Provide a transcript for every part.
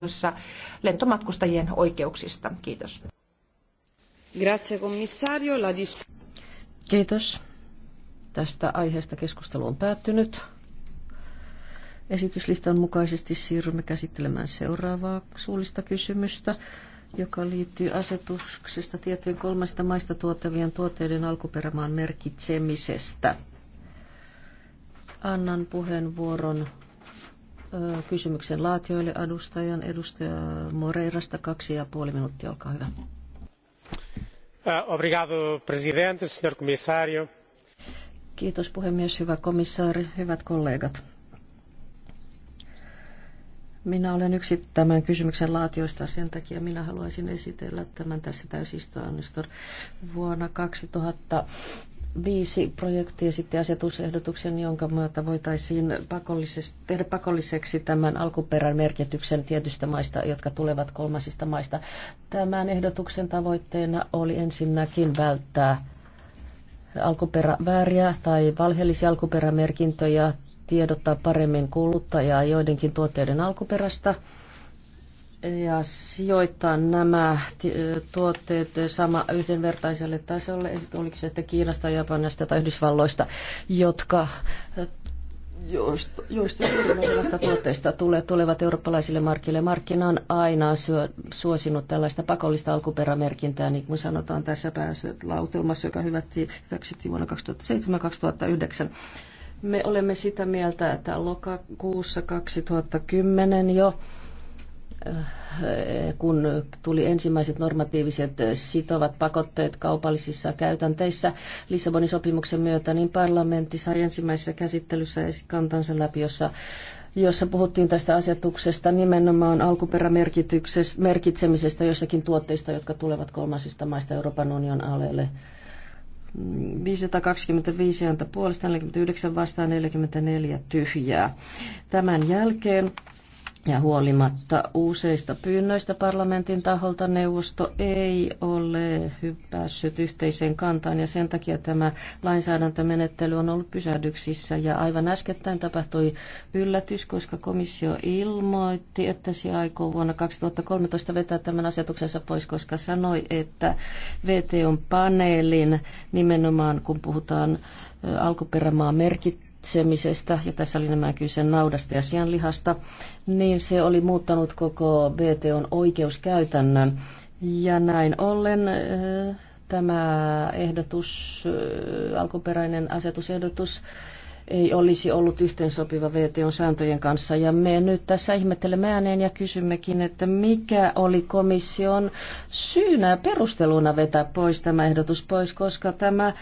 keskustelussa lentomatkustajien oikeuksista. Kiitos. Grazie, commissario. La Kiitos. Tästä aiheesta keskustelu on päättynyt. Esityslistan mukaisesti siirrymme käsittelemään seuraavaa suullista kysymystä, joka liittyy asetuksesta tietojen kolmesta maista tuotavien tuotteiden alkuperämaan merkitsemisestä. Annan puheenvuoron kysymyksen laatioille adustajan edustaja Moreirasta kaksi ja puoli minuuttia, olkaa hyvä. Obrigado, presidente, senhor comissário. Kiitos puhemies, hyvä komissaari, hyvät kollegat. Minä olen yksi tämän kysymyksen laatioista, sen takia minä haluaisin esitellä tämän tässä täysistunnossa. Vuonna 2000 viisi projektia sitten asetusehdotuksen, jonka myötä voitaisiin pakollisesti, tehdä pakolliseksi tämän alkuperän merkityksen tietystä maista, jotka tulevat kolmasista maista. Tämän ehdotuksen tavoitteena oli ensinnäkin välttää alkuperävääriä tai valheellisia alkuperämerkintöjä, tiedottaa paremmin kuluttajaa joidenkin tuotteiden alkuperästä – ja sijoittaa nämä tuotteet sama yhdenvertaiselle tasolle, oliko se että Kiinasta, Japanista tai Yhdysvalloista, jotka joista, joista tuotteista tulee, tulevat eurooppalaisille markkille. Markkina on aina syö, suosinut tällaista pakollista alkuperämerkintää, niin kuin sanotaan tässä pääsylautelmassa, joka hyväksyttiin vuonna 2007-2009. Me olemme sitä mieltä, että lokakuussa 2010 jo Äh, kun tuli ensimmäiset normatiiviset sitovat pakotteet kaupallisissa käytänteissä Lissabonin sopimuksen myötä, niin parlamentti sai ensimmäisessä käsittelyssä kantansa läpi, jossa jossa puhuttiin tästä asetuksesta nimenomaan alkuperämerkitsemisestä jossakin tuotteista, jotka tulevat kolmansista maista Euroopan union alueelle. 525 ääntä puolesta, 49 vastaan, 44 tyhjää. Tämän jälkeen ja huolimatta useista pyynnöistä parlamentin taholta neuvosto ei ole päässyt yhteiseen kantaan ja sen takia tämä lainsäädäntömenettely on ollut pysähdyksissä. Ja aivan äskettäin tapahtui yllätys, koska komissio ilmoitti, että se aikoo vuonna 2013 vetää tämän asetuksensa pois, koska sanoi, että VTOn paneelin nimenomaan kun puhutaan alkuperämaa merkit hillitsemisestä, ja tässä oli nämä kyse naudasta ja sianlihasta, niin se oli muuttanut koko VTOn oikeuskäytännön. Ja näin ollen eh, tämä ehdotus, eh, alkuperäinen asetusehdotus, ei olisi ollut yhteensopiva VTOn sääntöjen kanssa. Ja me nyt tässä ihmettelemme ääneen ja kysymmekin, että mikä oli komission syynä perusteluna vetää pois tämä ehdotus pois, koska tämä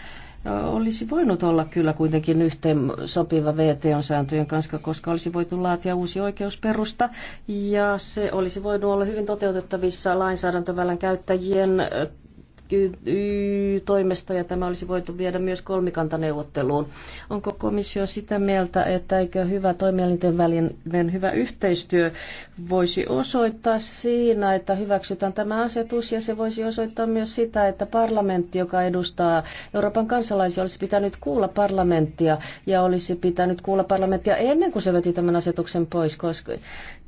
olisi voinut olla kyllä kuitenkin yhteen sopiva VTO-sääntöjen kanssa, koska olisi voitu laatia uusi oikeusperusta ja se olisi voinut olla hyvin toteutettavissa lainsäädäntövälän käyttäjien toimesta ja tämä olisi voitu viedä myös kolmikantaneuvotteluun. Onko komissio sitä mieltä, että eikö hyvä toimielinten välinen hyvä yhteistyö voisi osoittaa siinä, että hyväksytään tämä asetus ja se voisi osoittaa myös sitä, että parlamentti, joka edustaa Euroopan kansalaisia, olisi pitänyt kuulla parlamenttia ja olisi pitänyt kuulla parlamenttia ennen kuin se veti tämän asetuksen pois. Koska...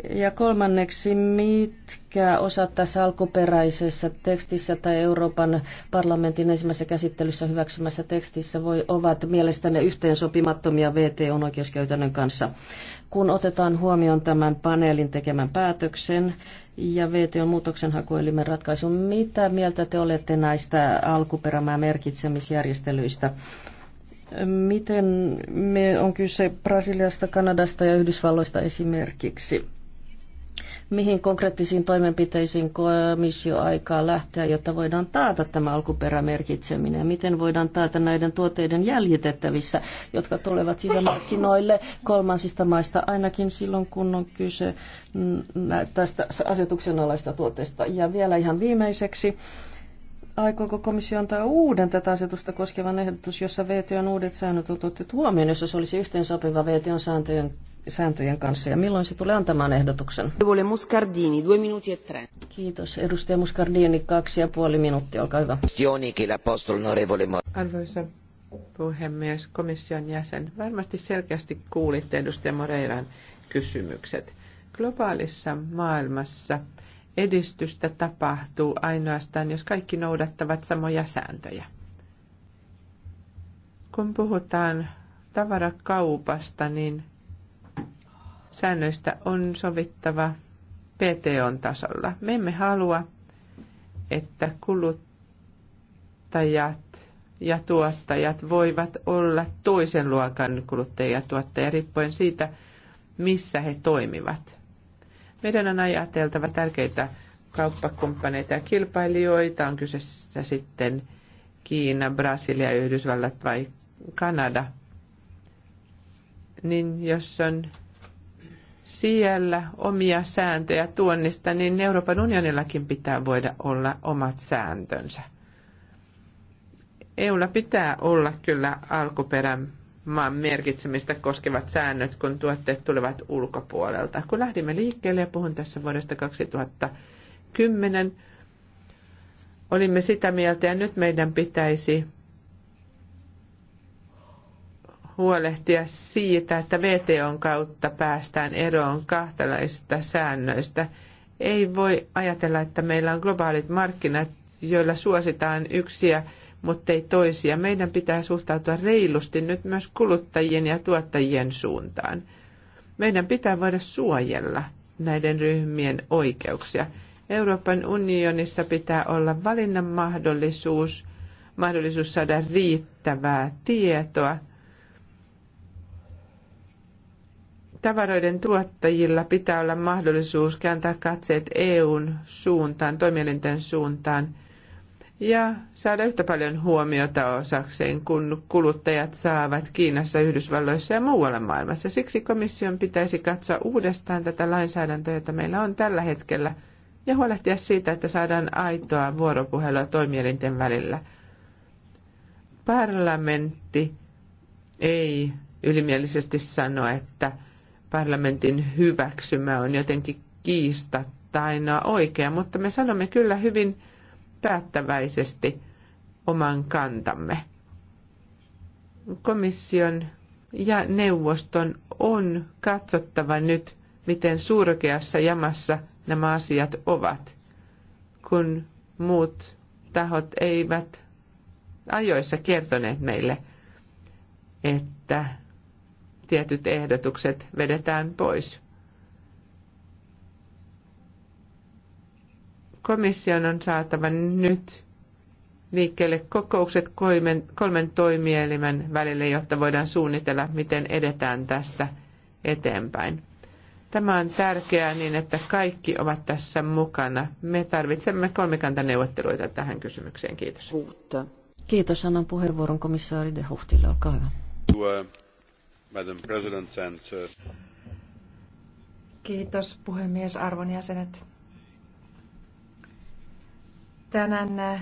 Ja kolmanneksi, mitkä pitkää osa tässä alkuperäisessä tekstissä tai Euroopan parlamentin ensimmäisessä käsittelyssä hyväksymässä tekstissä voi, ovat mielestäni yhteensopimattomia VTOn oikeuskäytännön kanssa. Kun otetaan huomioon tämän paneelin tekemän päätöksen ja VTOn muutoksenhakuelimen ratkaisun, mitä mieltä te olette näistä alkuperämää merkitsemisjärjestelyistä? Miten me on kyse Brasiliasta, Kanadasta ja Yhdysvalloista esimerkiksi? mihin konkreettisiin toimenpiteisiin komissio aikaa lähteä, jotta voidaan taata tämä alkuperämerkitseminen ja miten voidaan taata näiden tuotteiden jäljitettävissä, jotka tulevat sisämarkkinoille kolmansista maista ainakin silloin, kun on kyse tästä asetuksenalaista tuotteesta. Ja vielä ihan viimeiseksi, aikooko komissio antaa uuden tätä asetusta koskevan ehdotus, jossa VTOn uudet säännöt on otettu huomioon, jossa se olisi yhteensopiva VTOn sääntöjen sääntöjen kanssa ja milloin se tulee antamaan ehdotuksen? Muscardini, due minuti e tre. Kiitos. Edustaja Muscardini, kaksi ja puoli minuuttia, olkaa hyvä. Arvoisa puhemies, komission jäsen. Varmasti selkeästi kuulitte edustaja Moreiran kysymykset. Globaalissa maailmassa edistystä tapahtuu ainoastaan, jos kaikki noudattavat samoja sääntöjä. Kun puhutaan tavarakaupasta, niin – säännöistä on sovittava PTOn tasolla. Me emme halua, että kuluttajat ja tuottajat voivat olla toisen luokan kuluttajia ja tuottajia riippuen siitä, missä he toimivat. Meidän on ajateltava tärkeitä kauppakumppaneita ja kilpailijoita, on kyseessä sitten Kiina, Brasilia, Yhdysvallat vai Kanada. Niin jos on siellä omia sääntöjä tuonnista, niin Euroopan unionillakin pitää voida olla omat sääntönsä. EUlla pitää olla kyllä alkuperän maan merkitsemistä koskevat säännöt, kun tuotteet tulevat ulkopuolelta. Kun lähdimme liikkeelle, ja puhun tässä vuodesta 2010, olimme sitä mieltä, ja nyt meidän pitäisi huolehtia siitä, että VTOn kautta päästään eroon kahtalaisista säännöistä. Ei voi ajatella, että meillä on globaalit markkinat, joilla suositaan yksiä, mutta ei toisia. Meidän pitää suhtautua reilusti nyt myös kuluttajien ja tuottajien suuntaan. Meidän pitää voida suojella näiden ryhmien oikeuksia. Euroopan unionissa pitää olla valinnan mahdollisuus, mahdollisuus saada riittävää tietoa – tavaroiden tuottajilla pitää olla mahdollisuus kääntää katseet EUn suuntaan, toimielinten suuntaan ja saada yhtä paljon huomiota osakseen, kun kuluttajat saavat Kiinassa, Yhdysvalloissa ja muualla maailmassa. Siksi komission pitäisi katsoa uudestaan tätä lainsäädäntöä, jota meillä on tällä hetkellä, ja huolehtia siitä, että saadaan aitoa vuoropuhelua toimielinten välillä. Parlamentti ei ylimielisesti sano, että – parlamentin hyväksymä on jotenkin kiistatta aina oikea, mutta me sanomme kyllä hyvin päättäväisesti oman kantamme. Komission ja neuvoston on katsottava nyt, miten surkeassa jamassa nämä asiat ovat, kun muut tahot eivät ajoissa kertoneet meille, että tietyt ehdotukset vedetään pois. Komission on saatava nyt liikkeelle kokoukset kolmen, toimielimen välille, jotta voidaan suunnitella, miten edetään tästä eteenpäin. Tämä on tärkeää niin, että kaikki ovat tässä mukana. Me tarvitsemme kolmikantaneuvotteluita tähän kysymykseen. Kiitos. Kiitos. Annan puheenvuoron komissaari De Huhtille. Olkaa hyvä. Madam President and... Uh, Kiitos puhemies, arvon jäsenet. Tänään uh,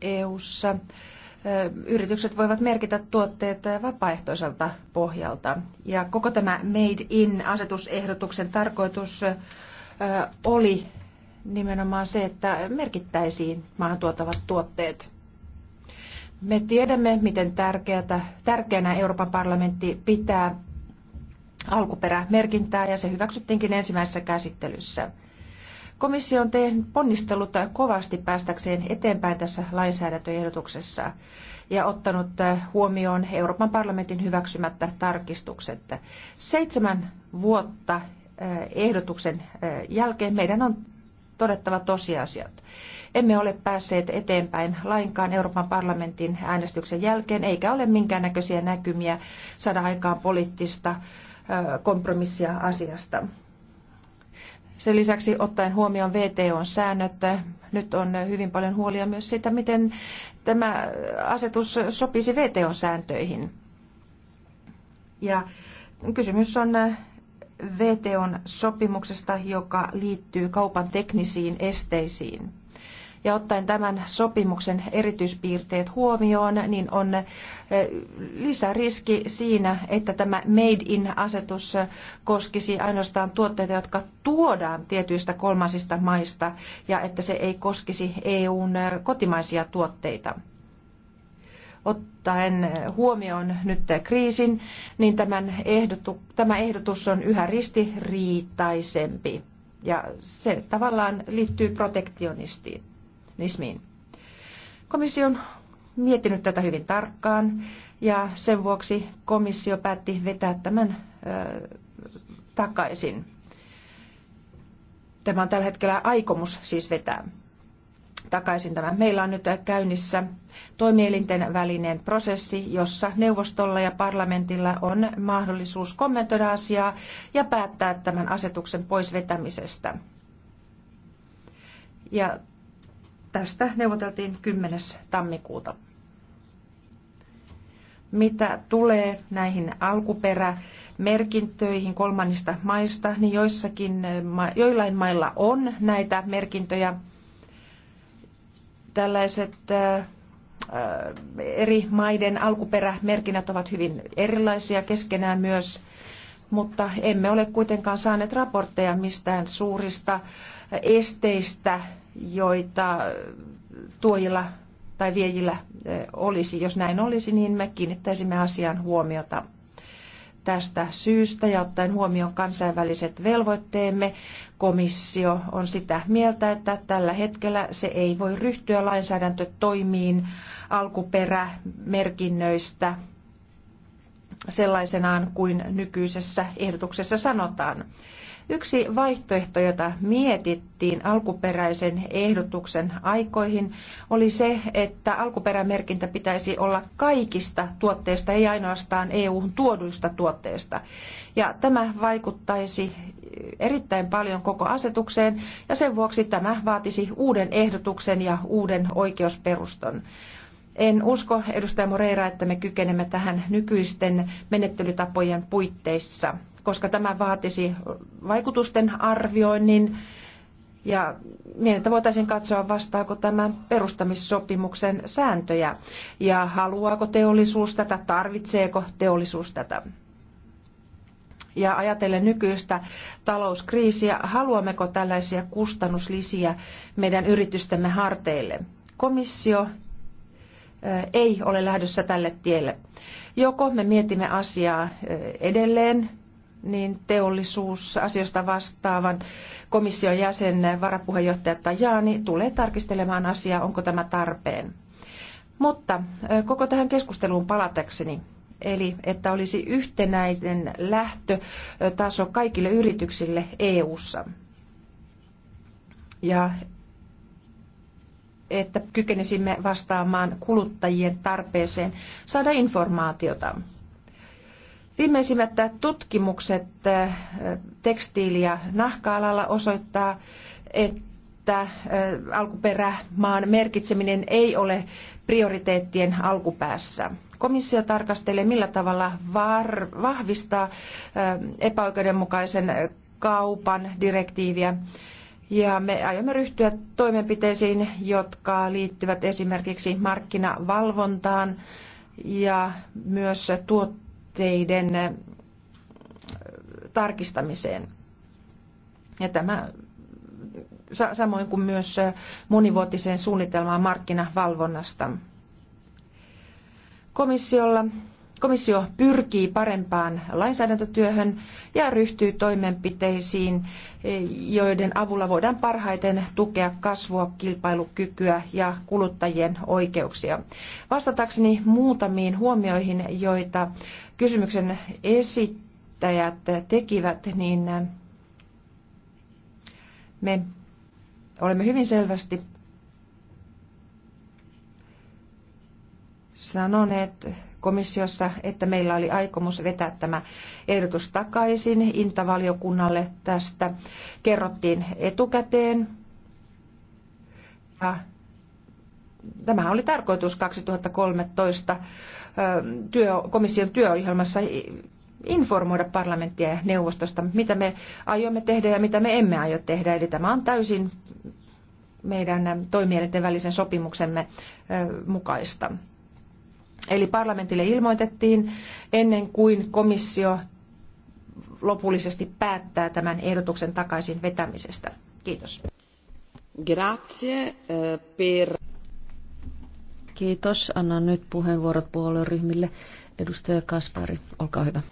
EU:ssa uh, yritykset voivat merkitä tuotteet vapaaehtoiselta pohjalta. Ja koko tämä Made in-asetusehdotuksen tarkoitus oli nimenomaan se, että merkittäisiin maahan tuotavat tuotteet. Me tiedämme, miten tärkeätä, tärkeänä Euroopan parlamentti pitää alkuperämerkintää ja se hyväksyttiinkin ensimmäisessä käsittelyssä. Komissio on tehnyt ponnistellut kovasti päästäkseen eteenpäin tässä lainsäädäntöehdotuksessa ja ottanut huomioon Euroopan parlamentin hyväksymättä tarkistukset. Seitsemän vuotta eh, ehdotuksen eh, jälkeen meidän on todettava tosiasiat. Emme ole päässeet eteenpäin lainkaan Euroopan parlamentin äänestyksen jälkeen, eikä ole minkäännäköisiä näkymiä saada aikaan poliittista kompromissia asiasta. Sen lisäksi ottaen huomioon VTOn säännöt, nyt on hyvin paljon huolia myös siitä, miten tämä asetus sopisi VTOn sääntöihin. Ja kysymys on VTOn sopimuksesta, joka liittyy kaupan teknisiin esteisiin. Ja ottaen tämän sopimuksen erityispiirteet huomioon, niin on eh, lisäriski siinä, että tämä Made in-asetus koskisi ainoastaan tuotteita, jotka tuodaan tietyistä kolmansista maista, ja että se ei koskisi EUn eh, kotimaisia tuotteita ottaen huomioon nyt kriisin, niin tämän ehdotu, tämä ehdotus on yhä ristiriitaisempi. Ja se tavallaan liittyy protektionismiin. Komissio on miettinyt tätä hyvin tarkkaan ja sen vuoksi komissio päätti vetää tämän ö, takaisin. Tämä on tällä hetkellä aikomus siis vetää takaisin tämän. Meillä on nyt käynnissä toimielinten välinen prosessi, jossa neuvostolla ja parlamentilla on mahdollisuus kommentoida asiaa ja päättää tämän asetuksen poisvetämisestä. Ja tästä neuvoteltiin 10. tammikuuta. Mitä tulee näihin alkuperä merkintöihin kolmannista maista, niin joissakin, joillain mailla on näitä merkintöjä. Tällaiset äh, Äh, eri maiden alkuperämerkinnät ovat hyvin erilaisia keskenään myös, mutta emme ole kuitenkaan saaneet raportteja mistään suurista esteistä, joita tuojilla tai viejillä äh, olisi. Jos näin olisi, niin me kiinnittäisimme asiaan huomiota tästä syystä ja ottaen huomioon kansainväliset velvoitteemme, komissio on sitä mieltä, että tällä hetkellä se ei voi ryhtyä lainsäädäntötoimiin alkuperämerkinnöistä sellaisenaan kuin nykyisessä ehdotuksessa sanotaan. Yksi vaihtoehto, jota mietittiin alkuperäisen ehdotuksen aikoihin, oli se, että alkuperämerkintä pitäisi olla kaikista tuotteista, ei ainoastaan EU-hun tuoduista tuotteista. Ja tämä vaikuttaisi erittäin paljon koko asetukseen ja sen vuoksi tämä vaatisi uuden ehdotuksen ja uuden oikeusperuston. En usko, edustaja Moreira, että me kykenemme tähän nykyisten menettelytapojen puitteissa koska tämä vaatisi vaikutusten arvioinnin ja niin, että voitaisiin katsoa vastaako tämä perustamissopimuksen sääntöjä ja haluaako teollisuus tätä, tarvitseeko teollisuus tätä. Ja ajatellen nykyistä talouskriisiä, haluammeko tällaisia kustannuslisiä meidän yritystemme harteille? Komissio ei ole lähdössä tälle tielle. Joko me mietimme asiaa edelleen niin teollisuusasioista vastaavan komission jäsen varapuheenjohtaja Tajani tulee tarkistelemaan asiaa, onko tämä tarpeen. Mutta koko tähän keskusteluun palatakseni, eli että olisi yhtenäinen lähtötaso kaikille yrityksille EU-ssa. Ja että kykenisimme vastaamaan kuluttajien tarpeeseen saada informaatiota Viimeisimmät tutkimukset eh, tekstiili- ja nahka-alalla osoittaa, että eh, alkuperämaan merkitseminen ei ole prioriteettien alkupäässä. Komissio tarkastelee, millä tavalla vahvistaa eh, epäoikeudenmukaisen kaupan direktiiviä. Ja me aiomme ryhtyä toimenpiteisiin, jotka liittyvät esimerkiksi markkinavalvontaan ja myös tuotteiden todisteiden eh, tarkistamiseen. Ja tämä samoin kuin myös eh, monivuotiseen suunnitelmaan markkinavalvonnasta. Komissiolla, komissio pyrkii parempaan lainsäädäntötyöhön ja ryhtyy toimenpiteisiin, eh, joiden avulla voidaan parhaiten tukea kasvua, kilpailukykyä ja kuluttajien oikeuksia. Vastatakseni muutamiin huomioihin, joita kysymyksen esittäjät tekivät, niin me olemme hyvin selvästi sanoneet komissiossa, että meillä oli aikomus vetää tämä ehdotus takaisin intavaliokunnalle. Tästä kerrottiin etukäteen. Ja tämä oli tarkoitus 2013 työ, komission työohjelmassa informoida parlamenttia ja neuvostosta, mitä me aiomme tehdä ja mitä me emme aio tehdä. Eli tämä on täysin meidän toimielinten välisen sopimuksemme mukaista. Eli parlamentille ilmoitettiin ennen kuin komissio lopullisesti päättää tämän ehdotuksen takaisin vetämisestä. Kiitos. Grazie per... Kiitos. Annan nyt puheenvuorot puolueryhmille. Edustaja Kaspari, olkaa hyvä.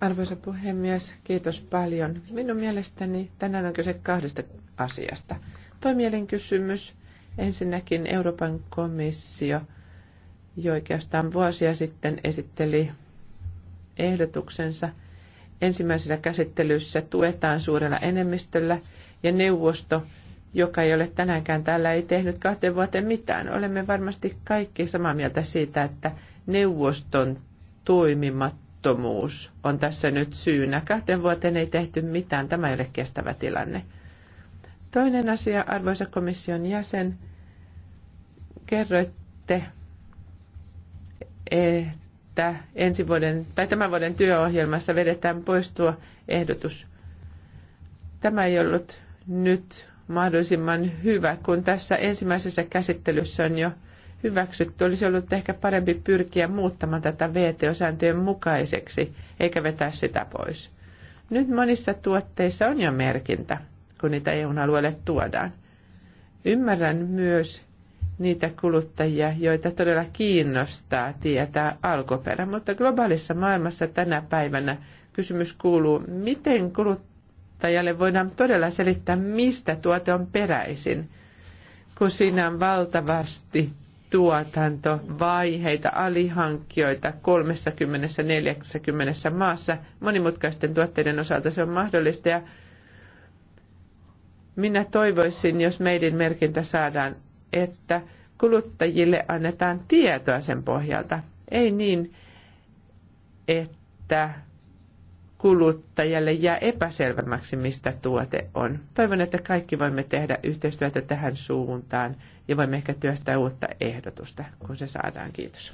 Arvoisa puhemies, kiitos paljon. Minun mielestäni tänään on kyse kahdesta asiasta. Toimielin kysymys. Ensinnäkin Euroopan komissio, jo oikeastaan vuosia sitten esitteli ehdotuksensa. Ensimmäisessä käsittelyssä tuetaan suurella enemmistöllä ja neuvosto joka ei ole tänäänkään täällä, ei tehnyt kahteen vuoteen mitään. Olemme varmasti kaikki samaa mieltä siitä, että neuvoston toimimattomuus on tässä nyt syynä. Kahteen vuoteen ei tehty mitään, tämä ei ole kestävä tilanne. Toinen asia, arvoisa komission jäsen, kerroitte, että ensi vuoden tai tämän vuoden työohjelmassa vedetään pois tuo ehdotus. Tämä ei ollut nyt mahdollisimman hyvä, kun tässä ensimmäisessä käsittelyssä on jo hyväksytty. Olisi ollut ehkä parempi pyrkiä muuttamaan tätä VTO-sääntöjen mukaiseksi, eikä vetää sitä pois. Nyt monissa tuotteissa on jo merkintä, kun niitä EU-alueelle tuodaan. Ymmärrän myös niitä kuluttajia, joita todella kiinnostaa tietää alkuperä, mutta globaalissa maailmassa tänä päivänä kysymys kuuluu, miten kulut kuluttajalle voidaan todella selittää, mistä tuote on peräisin, kun siinä on valtavasti tuotantovaiheita, alihankkijoita 30-40 maassa. Monimutkaisten tuotteiden osalta se on mahdollista ja minä toivoisin, jos meidän merkintä saadaan, että kuluttajille annetaan tietoa sen pohjalta. Ei niin, että kuluttajalle jää epäselvämmäksi, mistä tuote on. Toivon, että kaikki voimme tehdä yhteistyötä tähän suuntaan ja voimme ehkä työstää uutta ehdotusta, kun se saadaan. Kiitos.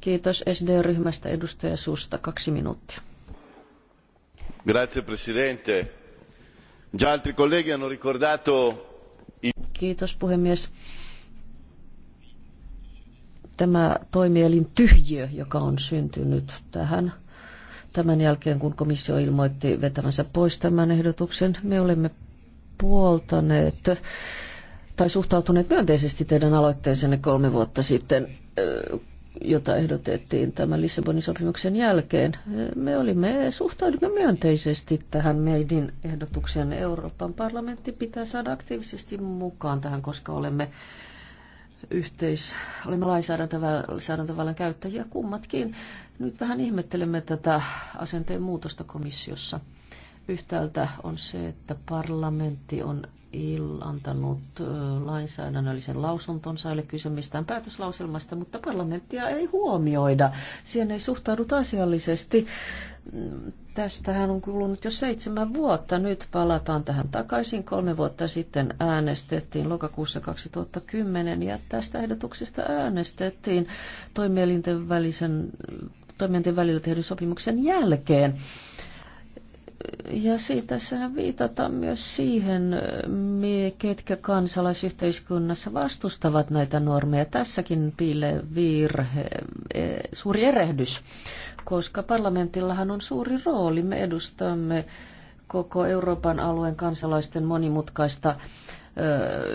Kiitos SD-ryhmästä edustaja Susta. Kaksi minuuttia. Grazie Presidente. Già altri colleghi hanno ricordato... Kiitos puhemies tämä toimielin tyhjiö, joka on syntynyt tähän tämän jälkeen, kun komissio ilmoitti vetävänsä pois tämän ehdotuksen. Me olemme puoltaneet tai suhtautuneet myönteisesti teidän aloitteeseenne kolme vuotta sitten, jota ehdotettiin tämän Lissabonin sopimuksen jälkeen. Me olimme suhtaudumme myönteisesti tähän Meidin ehdotukseen. Euroopan parlamentti pitää saada aktiivisesti mukaan tähän, koska olemme yhteis, olemme lainsäädäntövallan käyttäjiä kummatkin. Nyt vähän ihmettelemme tätä asenteen muutosta komissiossa. Yhtäältä on se, että parlamentti on il, antanut lainsäädännöllisen lausuntonsa, eli kysymistään päätöslauselmasta, mutta parlamenttia ei huomioida. Siihen ei suhtauduta asiallisesti. Tästähän on kulunut jo seitsemän vuotta. Nyt palataan tähän takaisin. Kolme vuotta sitten äänestettiin lokakuussa 2010 ja tästä ehdotuksesta äänestettiin toimielinten välisen toimijoiden välillä tehdyn sopimuksen jälkeen ja tässä viitataan myös siihen, ketkä kansalaisyhteiskunnassa vastustavat näitä normeja. Tässäkin piilee virhe, e, suuri erehdys, koska parlamentillahan on suuri rooli. Me edustamme koko Euroopan alueen kansalaisten monimutkaista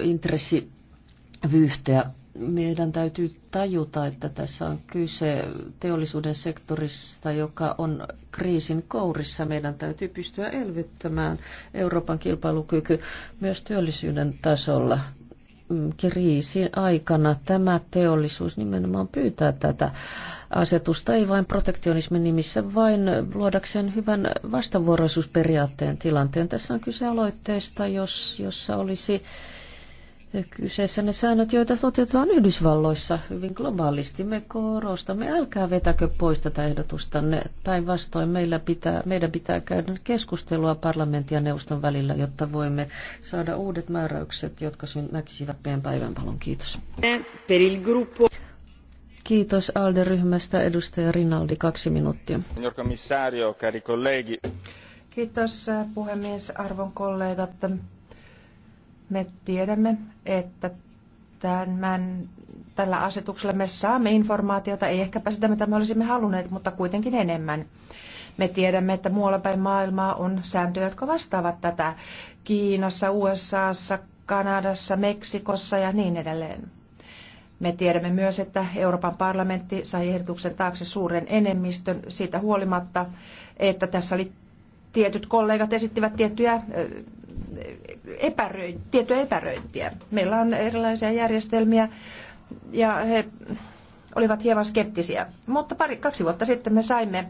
intressivyyhteä meidän täytyy tajuta, että tässä on kyse teollisuuden sektorista, joka on kriisin kourissa. Meidän täytyy pystyä elvyttämään Euroopan kilpailukyky myös työllisyyden tasolla. Mm, kriisin aikana tämä teollisuus nimenomaan pyytää tätä asetusta, ei vain protektionismin nimissä, vain luodakseen hyvän vastavuoroisuusperiaatteen tilanteen. Tässä on kyse aloitteesta, jos, jossa olisi Kyseessä ne säännöt, joita toteutetaan Yhdysvalloissa hyvin globaalisti. Me korostamme, älkää vetäkö pois tätä ehdotusta. Päinvastoin meillä pitää, meidän pitää käydä keskustelua parlamentin ja neuvoston välillä, jotta voimme saada uudet määräykset, jotka näkisivät meidän päivänpalon. Kiitos. Kiitos ALDE-ryhmästä edustaja Rinaldi, kaksi minuuttia. Signor commissario, cari colleghi. Kiitos äh, puhemies, arvon kollegat. Me tiedämme, että tämän, tällä asetuksella me saamme informaatiota, ei ehkäpä sitä, mitä me olisimme halunneet, mutta kuitenkin enemmän. Me tiedämme, että muualla päin maailmaa on sääntöjä, jotka vastaavat tätä Kiinassa, USAssa, Kanadassa, Meksikossa ja niin edelleen. Me tiedämme myös, että Euroopan parlamentti sai ehdotuksen taakse suuren enemmistön siitä huolimatta, että tässä oli tietyt kollegat esittivät tiettyjä epäröi, tietoa epäröintiä. Meillä on erilaisia järjestelmiä ja he olivat hieman skeptisiä. Mutta pari, kaksi vuotta sitten me saimme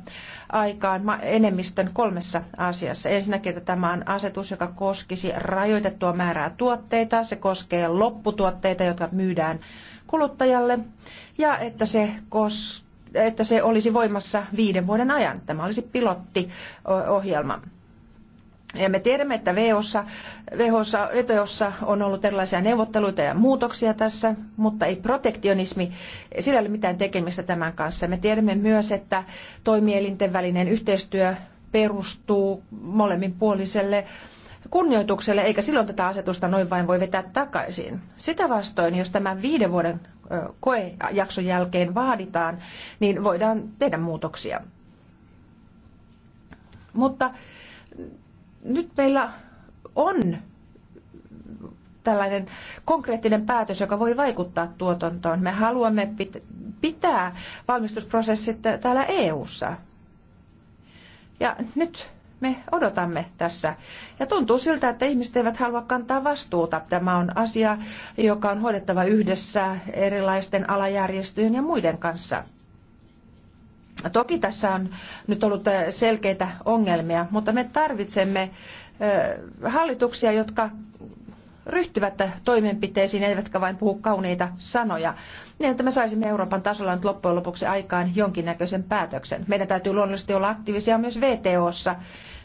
aikaan enemmistön kolmessa asiassa. Ensinnäkin, että tämä on asetus, joka koskisi rajoitettua määrää tuotteita. Se koskee lopputuotteita, jotka myydään kuluttajalle. Ja että se koskee että se olisi voimassa viiden vuoden ajan. Tämä olisi pilottiohjelma. Ja me tiedämme, että VOssa, VHossa, VTOssa on ollut erilaisia neuvotteluita ja muutoksia tässä, mutta ei protektionismi, sillä ei ole mitään tekemistä tämän kanssa. Me tiedämme myös, että toimielinten välinen yhteistyö perustuu molemminpuoliselle kunnioitukselle, eikä silloin tätä asetusta noin vain voi vetää takaisin. Sitä vastoin, jos tämän viiden vuoden koejakson jälkeen vaaditaan, niin voidaan tehdä muutoksia. Mutta nyt meillä on tällainen konkreettinen päätös, joka voi vaikuttaa tuotantoon. Me haluamme pitää valmistusprosessit täällä EU-ssa. Ja nyt me odotamme tässä. Ja tuntuu siltä, että ihmiset eivät halua kantaa vastuuta. Tämä on asia, joka on hoidettava yhdessä erilaisten alajärjestöjen ja muiden kanssa. Toki tässä on nyt ollut eh, selkeitä ongelmia, mutta me tarvitsemme eh, hallituksia, jotka ryhtyvät toimenpiteisiin, eivätkä vain puhu kauniita sanoja, niin että me saisimme Euroopan tasolla nyt loppujen lopuksi aikaan jonkinnäköisen päätöksen. Meidän täytyy luonnollisesti olla aktiivisia myös VTOssa,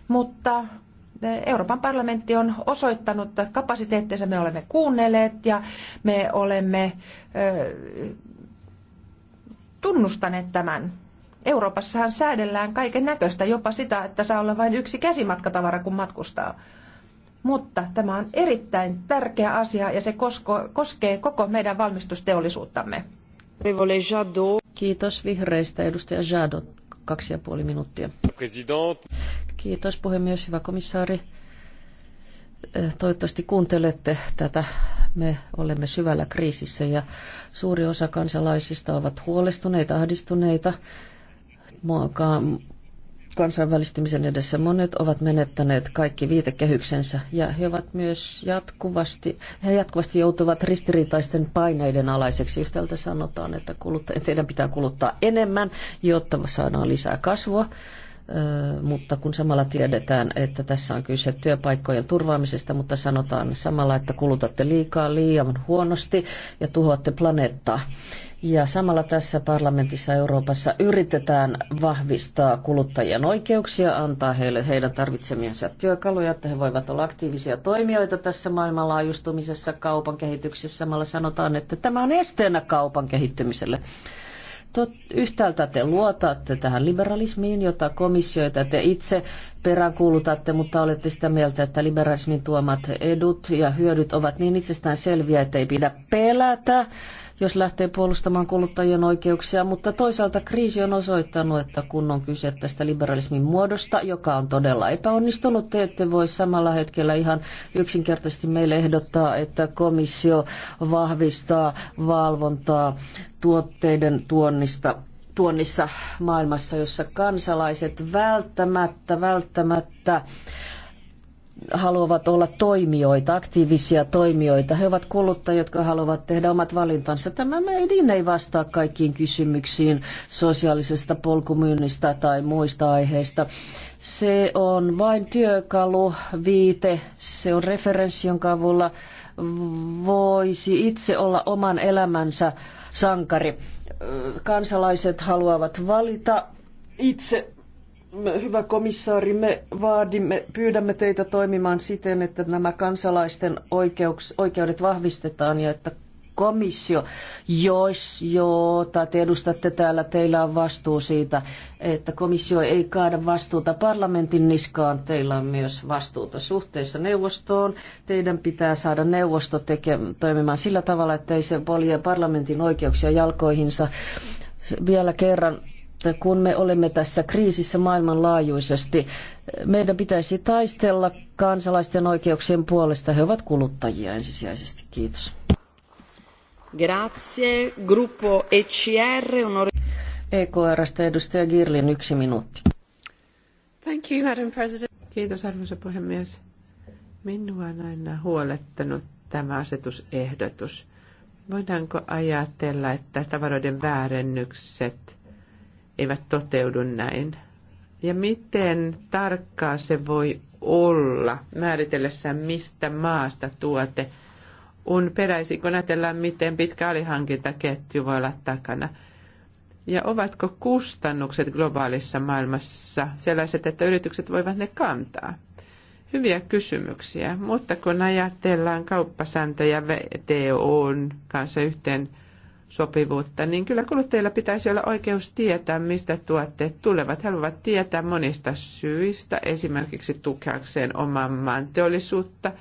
mutta eh, Euroopan parlamentti on osoittanut kapasiteettinsa, me olemme kuunnelleet ja me olemme tunnustaneet tämän. Euroopassahan säädellään kaiken näköistä, jopa sitä, että saa olla vain yksi käsimatkatavara, kun matkustaa. Mutta tämä on erittäin tärkeä asia ja se kosko, koskee koko meidän valmistusteollisuuttamme. Kiitos vihreistä, edustaja Jadot, kaksi ja puoli minuuttia. President. Kiitos puhemies, hyvä komissaari. Toivottavasti kuuntelette tätä. Me olemme syvällä kriisissä ja suuri osa kansalaisista ovat huolestuneita, ahdistuneita kansainvälistymisen edessä monet ovat menettäneet kaikki viitekehyksensä ja he ovat myös jatkuvasti, he jatkuvasti joutuvat ristiriitaisten paineiden alaiseksi. Yhtäältä sanotaan, että teidän pitää kuluttaa enemmän, jotta saadaan lisää kasvua mutta kun samalla tiedetään, että tässä on kyse työpaikkojen turvaamisesta, mutta sanotaan samalla, että kulutatte liikaa liian huonosti ja tuhoatte planeettaa. Ja samalla tässä parlamentissa Euroopassa yritetään vahvistaa kuluttajien oikeuksia, antaa heille heidän tarvitsemiensa työkaluja, että he voivat olla aktiivisia toimijoita tässä maailmanlaajustumisessa, kaupan kehityksessä. Samalla sanotaan, että tämä on esteenä kaupan kehittymiselle. Tot, yhtäältä te luotatte tähän liberalismiin, jota komissioita te itse peräänkuulutatte, mutta olette sitä mieltä, että liberalismin tuomat edut ja hyödyt ovat niin itsestään selviä, että ei pidä pelätä jos lähtee puolustamaan kuluttajien oikeuksia, mutta toisaalta kriisi on osoittanut, että kun on kyse tästä liberalismin muodosta, joka on todella epäonnistunut, te ette voi samalla hetkellä ihan yksinkertaisesti meille ehdottaa, että komissio vahvistaa valvontaa tuotteiden tuonnista, tuonnissa maailmassa, jossa kansalaiset välttämättä, välttämättä haluavat olla toimijoita, aktiivisia toimijoita. He ovat kuluttajia, jotka haluavat tehdä omat valintansa. Tämä ydin ei vastaa kaikkiin kysymyksiin sosiaalisesta polkumyynnistä tai muista aiheista. Se on vain työkalu, viite, se on referenssi, jonka avulla voisi itse olla oman elämänsä sankari. Kansalaiset haluavat valita itse hyvä komissaari, me vaadimme, pyydämme teitä toimimaan siten, että nämä kansalaisten oikeuks, oikeudet vahvistetaan ja että komissio, jos, jota te edustatte täällä, teillä on vastuu siitä, että komissio ei kaada vastuuta parlamentin niskaan, teillä on myös vastuuta suhteessa neuvostoon. Teidän pitää saada neuvosto teke, toimimaan sillä tavalla, että ei se polje parlamentin oikeuksia jalkoihinsa. Vielä kerran kun me olemme tässä kriisissä maailmanlaajuisesti, meidän pitäisi taistella kansalaisten oikeuksien puolesta. He ovat kuluttajia ensisijaisesti. Kiitos. Grazie. Gruppo ECR, onore... E edustaja Girlin yksi minuutti. Thank you, Madam President. Kiitos arvoisa puhemies. Minua on aina huolettanut tämä asetusehdotus. Voidaanko ajatella, että tavaroiden väärennykset eivät toteudu näin? Ja miten tarkkaa se voi olla määritellessään, mistä maasta tuote on peräisin, kun ajatellaan, miten pitkä alihankintaketju voi olla takana. Ja ovatko kustannukset globaalissa maailmassa sellaiset, että yritykset voivat ne kantaa? Hyviä kysymyksiä, mutta kun ajatellaan kauppasääntöjä VTOn kanssa yhteen sopivuutta, niin kyllä kuluttajilla pitäisi olla oikeus tietää, mistä tuotteet tulevat. He haluavat tietää monista syistä, esimerkiksi tukeakseen oman maan teollisuutta –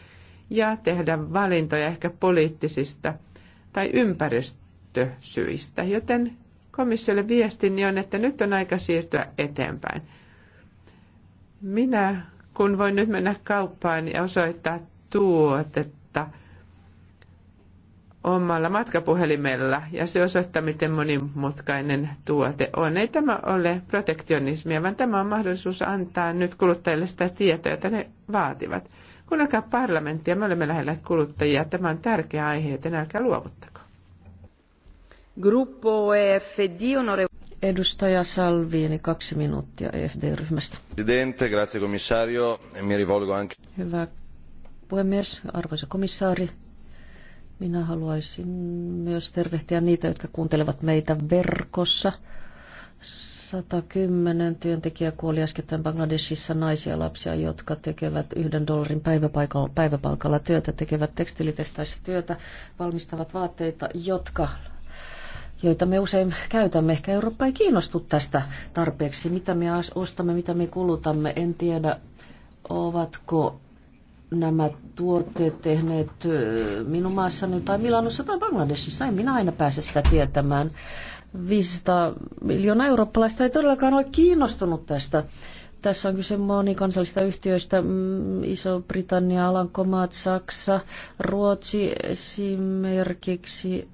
ja tehdä valintoja ehkä poliittisista tai ympäristösyistä. Joten komissiolle viestini on, että nyt on aika siirtyä eteenpäin. Minä, kun voin nyt mennä kauppaan ja osoittaa tuotetta omalla matkapuhelimella, ja se osoittaa, miten monimutkainen tuote on. Ei tämä ole protektionismia, vaan tämä on mahdollisuus antaa nyt kuluttajille sitä tietoa, jota ne vaativat. Kuunnelkaa parlamenttia, me olemme lähellä kuluttajia. Tämä on tärkeä aihe, joten älkää luovuttako. Gruppo EFD, onore... Edustaja Salvini, kaksi minuuttia EFD-ryhmästä. Presidente, grazie commissario, e mi rivolgo anche... Hyvä puhemies, arvoisa komissaari. Minä haluaisin myös tervehtiä niitä, jotka kuuntelevat meitä verkossa – 110 työntekijää kuoli äskettäin Bangladesissa naisia ja lapsia, jotka tekevät yhden dollarin päiväpalkalla työtä, tekevät tekstiilitehtaissa työtä, valmistavat vaatteita, jotka joita me usein käytämme. Ehkä Eurooppa ei kiinnostu tästä tarpeeksi. Mitä me ostamme, mitä me kulutamme, en tiedä, ovatko nämä tuotteet tehneet minun maassani tai Milanossa tai Bangladesissa. En minä aina pääse sitä tietämään. 500 miljoonaa eurooppalaista ei todellakaan ole kiinnostunut tästä. Tässä on kyse monikansallisista yhtiöistä, mm, Iso-Britannia, Alankomaat, Saksa, Ruotsi esimerkiksi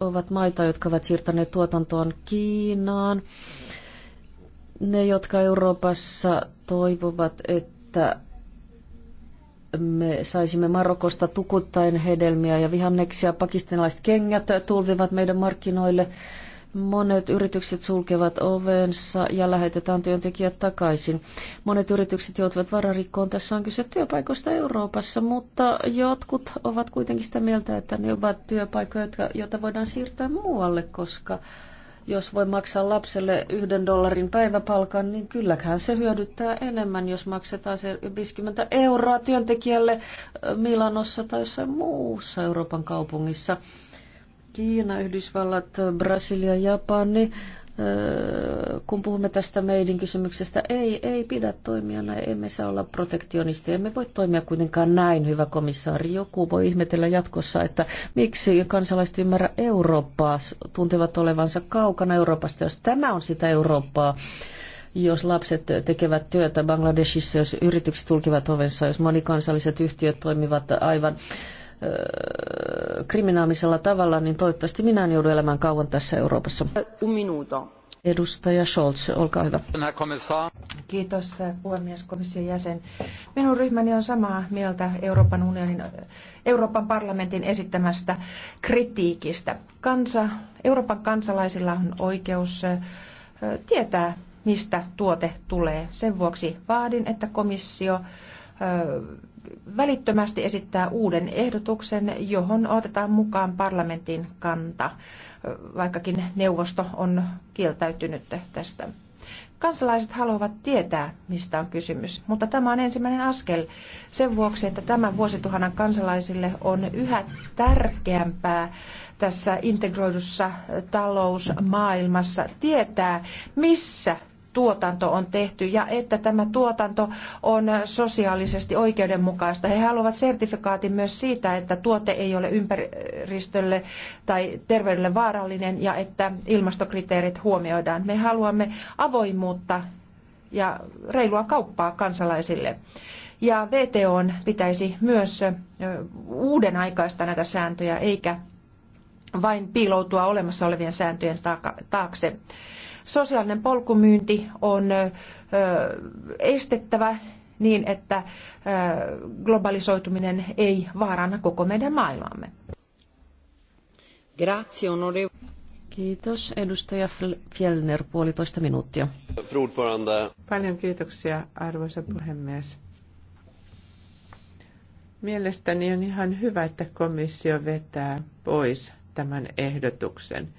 ovat maita, jotka ovat siirtäneet tuotantoon Kiinaan. Ne, jotka Euroopassa toivovat, että me saisimme Marokosta tukuttaen hedelmiä ja vihanneksia. Pakistanilaiset kengät tulvivat meidän markkinoille. Monet yritykset sulkevat ovensa ja lähetetään työntekijät takaisin. Monet yritykset joutuvat vararikkoon. Tässä on kyse työpaikoista Euroopassa, mutta jotkut ovat kuitenkin sitä mieltä, että ne ovat työpaikoja, joita voidaan siirtää muualle, koska jos voi maksaa lapselle yhden dollarin päiväpalkan, niin kylläkään se hyödyttää enemmän, jos maksetaan se 50 euroa työntekijälle Milanossa tai jossain muussa Euroopan kaupungissa. Kiina, Yhdysvallat, Brasilia, Japani. Niin kun puhumme tästä meidän kysymyksestä, ei, ei pidä toimia näin, emme saa olla protektionisteja, emme voi toimia kuitenkaan näin, hyvä komissaari. Joku voi ihmetellä jatkossa, että miksi kansalaiset ymmärrä Eurooppaa, tuntevat olevansa kaukana Euroopasta, jos tämä on sitä Eurooppaa, jos lapset tekevät työtä Bangladesissa, jos yritykset tulkivat ovensa, jos monikansalliset yhtiöt toimivat aivan äh, kriminaalisella tavalla, niin toivottavasti minä en joudu elämään kauan tässä Euroopassa. Edustaja Scholz, olkaa hyvä. Kiitos puhemies komission jäsen. Minun ryhmäni on samaa mieltä Euroopan unionin, Euroopan parlamentin esittämästä kritiikistä. Kansa, Euroopan kansalaisilla on oikeus tietää, mistä tuote tulee. Sen vuoksi vaadin, että komissio välittömästi esittää uuden ehdotuksen, johon otetaan mukaan parlamentin kanta, vaikkakin neuvosto on kieltäytynyt tästä. Kansalaiset haluavat tietää, mistä on kysymys, mutta tämä on ensimmäinen askel sen vuoksi, että tämän vuosituhannan kansalaisille on yhä tärkeämpää tässä integroidussa talousmaailmassa tietää, missä tuotanto on tehty ja että tämä tuotanto on sosiaalisesti oikeudenmukaista. He haluavat sertifikaatin myös siitä, että tuote ei ole ympäristölle tai terveydelle vaarallinen ja että ilmastokriteerit huomioidaan. Me haluamme avoimuutta ja reilua kauppaa kansalaisille. Ja VTOn pitäisi myös uuden aikaista näitä sääntöjä, eikä vain piiloutua olemassa olevien sääntöjen taakse. Sosiaalinen polkumyynti on estettävä niin, että globalisoituminen ei vaaranna koko meidän maailmamme. Grazie, onore. Kiitos. Edustaja Fjellner, puolitoista minuuttia. Paljon kiitoksia, arvoisa puhemies. Mielestäni on ihan hyvä, että komissio vetää pois tämän ehdotuksen –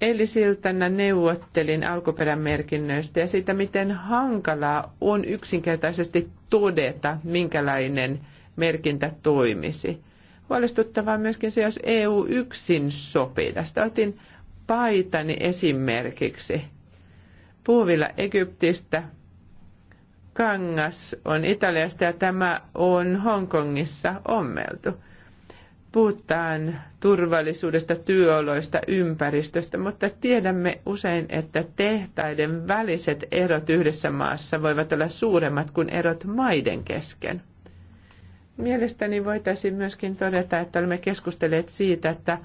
eilisiltana neuvottelin alkuperämerkinnöistä ja siitä, miten hankalaa on yksinkertaisesti todeta, minkälainen merkintä toimisi. Huolestuttavaa myöskin se, jos EU yksin sopii. Tästä otin paitani esimerkiksi. Puuvilla Egyptistä, kangas on Italiasta ja tämä on Hongkongissa ommeltu puhutaan turvallisuudesta, työoloista, ympäristöstä, mutta tiedämme usein, että tehtaiden väliset erot yhdessä maassa voivat olla suuremmat kuin erot maiden kesken. Mielestäni voitaisiin myöskin todeta, että olemme keskustelleet siitä, että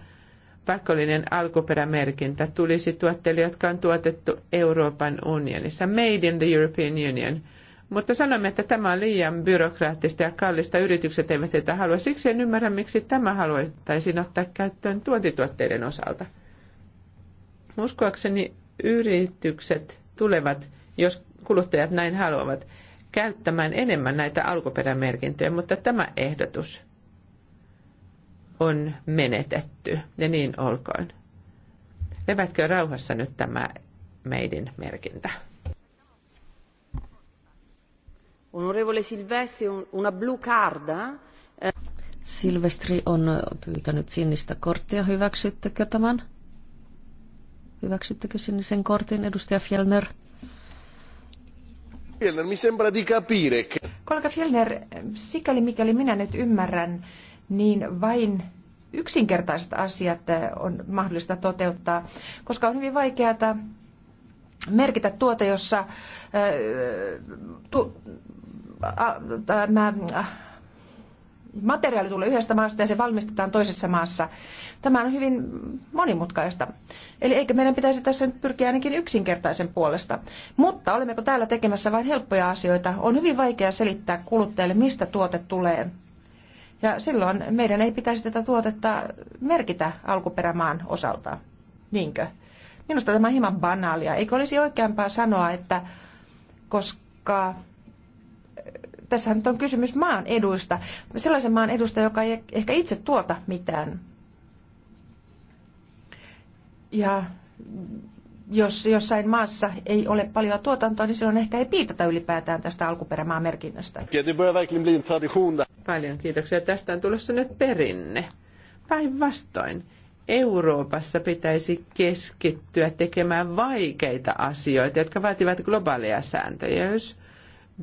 pakollinen alkuperämerkintä tulisi tuotteille, jotka on tuotettu Euroopan unionissa. Made in the European Union – mutta sanoimme, että tämä on liian byrokraattista ja kallista. Yritykset eivät sitä halua. Siksi en ymmärrä, miksi tämä haluaisin ottaa käyttöön tuontituotteiden osalta. Uskoakseni yritykset tulevat, jos kuluttajat näin haluavat, käyttämään enemmän näitä alkuperämerkintöjä, mutta tämä ehdotus on menetetty ja niin olkoin. Levätkö rauhassa nyt tämä meidin merkintä? Eh? Silvestri, on pyytänyt sinistä korttia. Hyväksyttekö tämän? Hyväksyttekö sinisen kortin, edustaja Fjellner? Fjellner, mi sembra di capire. Kollega Fjellner, sikäli mikäli minä nyt ymmärrän, niin vain yksinkertaiset asiat eh, on mahdollista toteuttaa, koska on hyvin vaikeaa merkitä tuote, jossa eh, tämä äh, materiaali tulee yhdestä maasta ja se valmistetaan toisessa maassa. Tämä on hyvin monimutkaista. Eli eikö meidän pitäisi tässä nyt pyrkiä ainakin yksinkertaisen puolesta. Mutta olemmeko täällä tekemässä vain helppoja asioita? On hyvin vaikea selittää kuluttajalle, mistä tuote tulee. Ja silloin meidän ei pitäisi tätä tuotetta merkitä alkuperämaan osalta. Niinkö? Minusta tämä on hieman banaalia. Eikö olisi oikeampaa sanoa, että koska tässä nyt on kysymys maan eduista, sellaisen maan edusta, joka ei ehkä itse tuota mitään. Ja jos jossain maassa ei ole paljon tuotantoa, niin silloin ehkä ei piitata ylipäätään tästä alkuperämaan merkinnästä. Paljon kiitoksia. Tästä on tulossa nyt perinne. Päinvastoin. Euroopassa pitäisi keskittyä tekemään vaikeita asioita, jotka vaativat globaaleja sääntöjä. Jos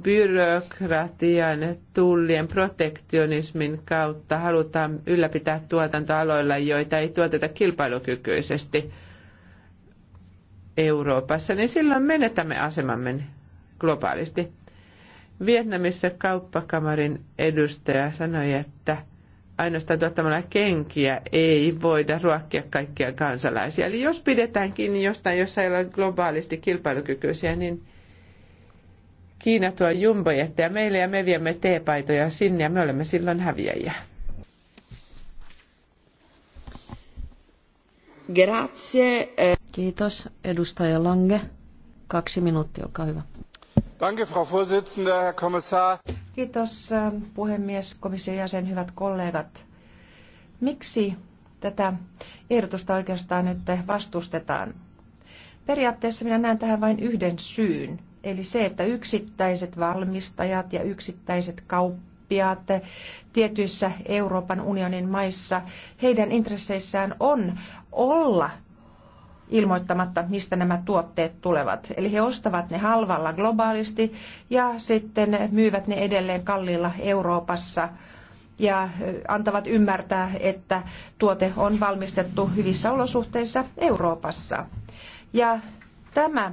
byrokratian, tullien, protektionismin kautta halutaan ylläpitää tuotantoaloilla, joita ei tuoteta kilpailukykyisesti Euroopassa, niin silloin menetämme asemamme globaalisti. Vietnamissa kauppakamarin edustaja sanoi, että ainoastaan tuottamalla kenkiä ei voida ruokkia kaikkia kansalaisia. Eli jos pidetään kiinni jostain, jossa ei ole globaalisti kilpailukykyisiä, niin – Kiina tuo jumbojetteja meille ja me viemme teepaitoja sinne ja me olemme silloin häviäjiä. Grazie. Eh. Kiitos. Edustaja Lange. Kaksi minuuttia, olkaa hyvä. Danke, Frau Vorsitzende, Herr Kommissar. Kiitos eh, puhemies, komission jäsen, hyvät kollegat. Miksi tätä ehdotusta oikeastaan nyt vastustetaan? Periaatteessa minä näen tähän vain yhden syyn. Eli se, että yksittäiset valmistajat ja yksittäiset kauppiaat tietyissä Euroopan unionin maissa, heidän intresseissään on olla ilmoittamatta, mistä nämä tuotteet tulevat. Eli he ostavat ne halvalla globaalisti ja sitten myyvät ne edelleen kalliilla Euroopassa ja antavat ymmärtää, että tuote on valmistettu hyvissä olosuhteissa Euroopassa. Ja tämä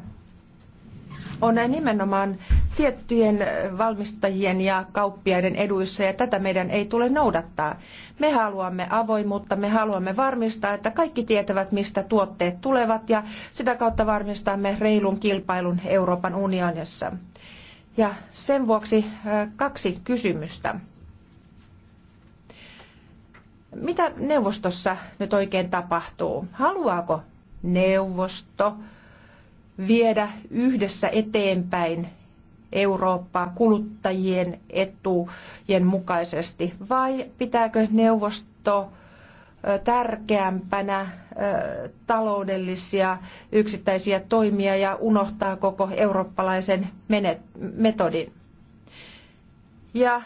on nimenomaan tiettyjen valmistajien ja kauppiaiden eduissa ja tätä meidän ei tule noudattaa. Me haluamme avoimuutta, me haluamme varmistaa, että kaikki tietävät, mistä tuotteet tulevat ja sitä kautta varmistamme reilun kilpailun Euroopan unionissa. Ja sen vuoksi äh, kaksi kysymystä. Mitä neuvostossa nyt oikein tapahtuu? Haluaako neuvosto viedä yhdessä eteenpäin Eurooppaa kuluttajien etujen mukaisesti, vai pitääkö neuvosto tärkeämpänä taloudellisia yksittäisiä toimia ja unohtaa koko eurooppalaisen metodin? Ja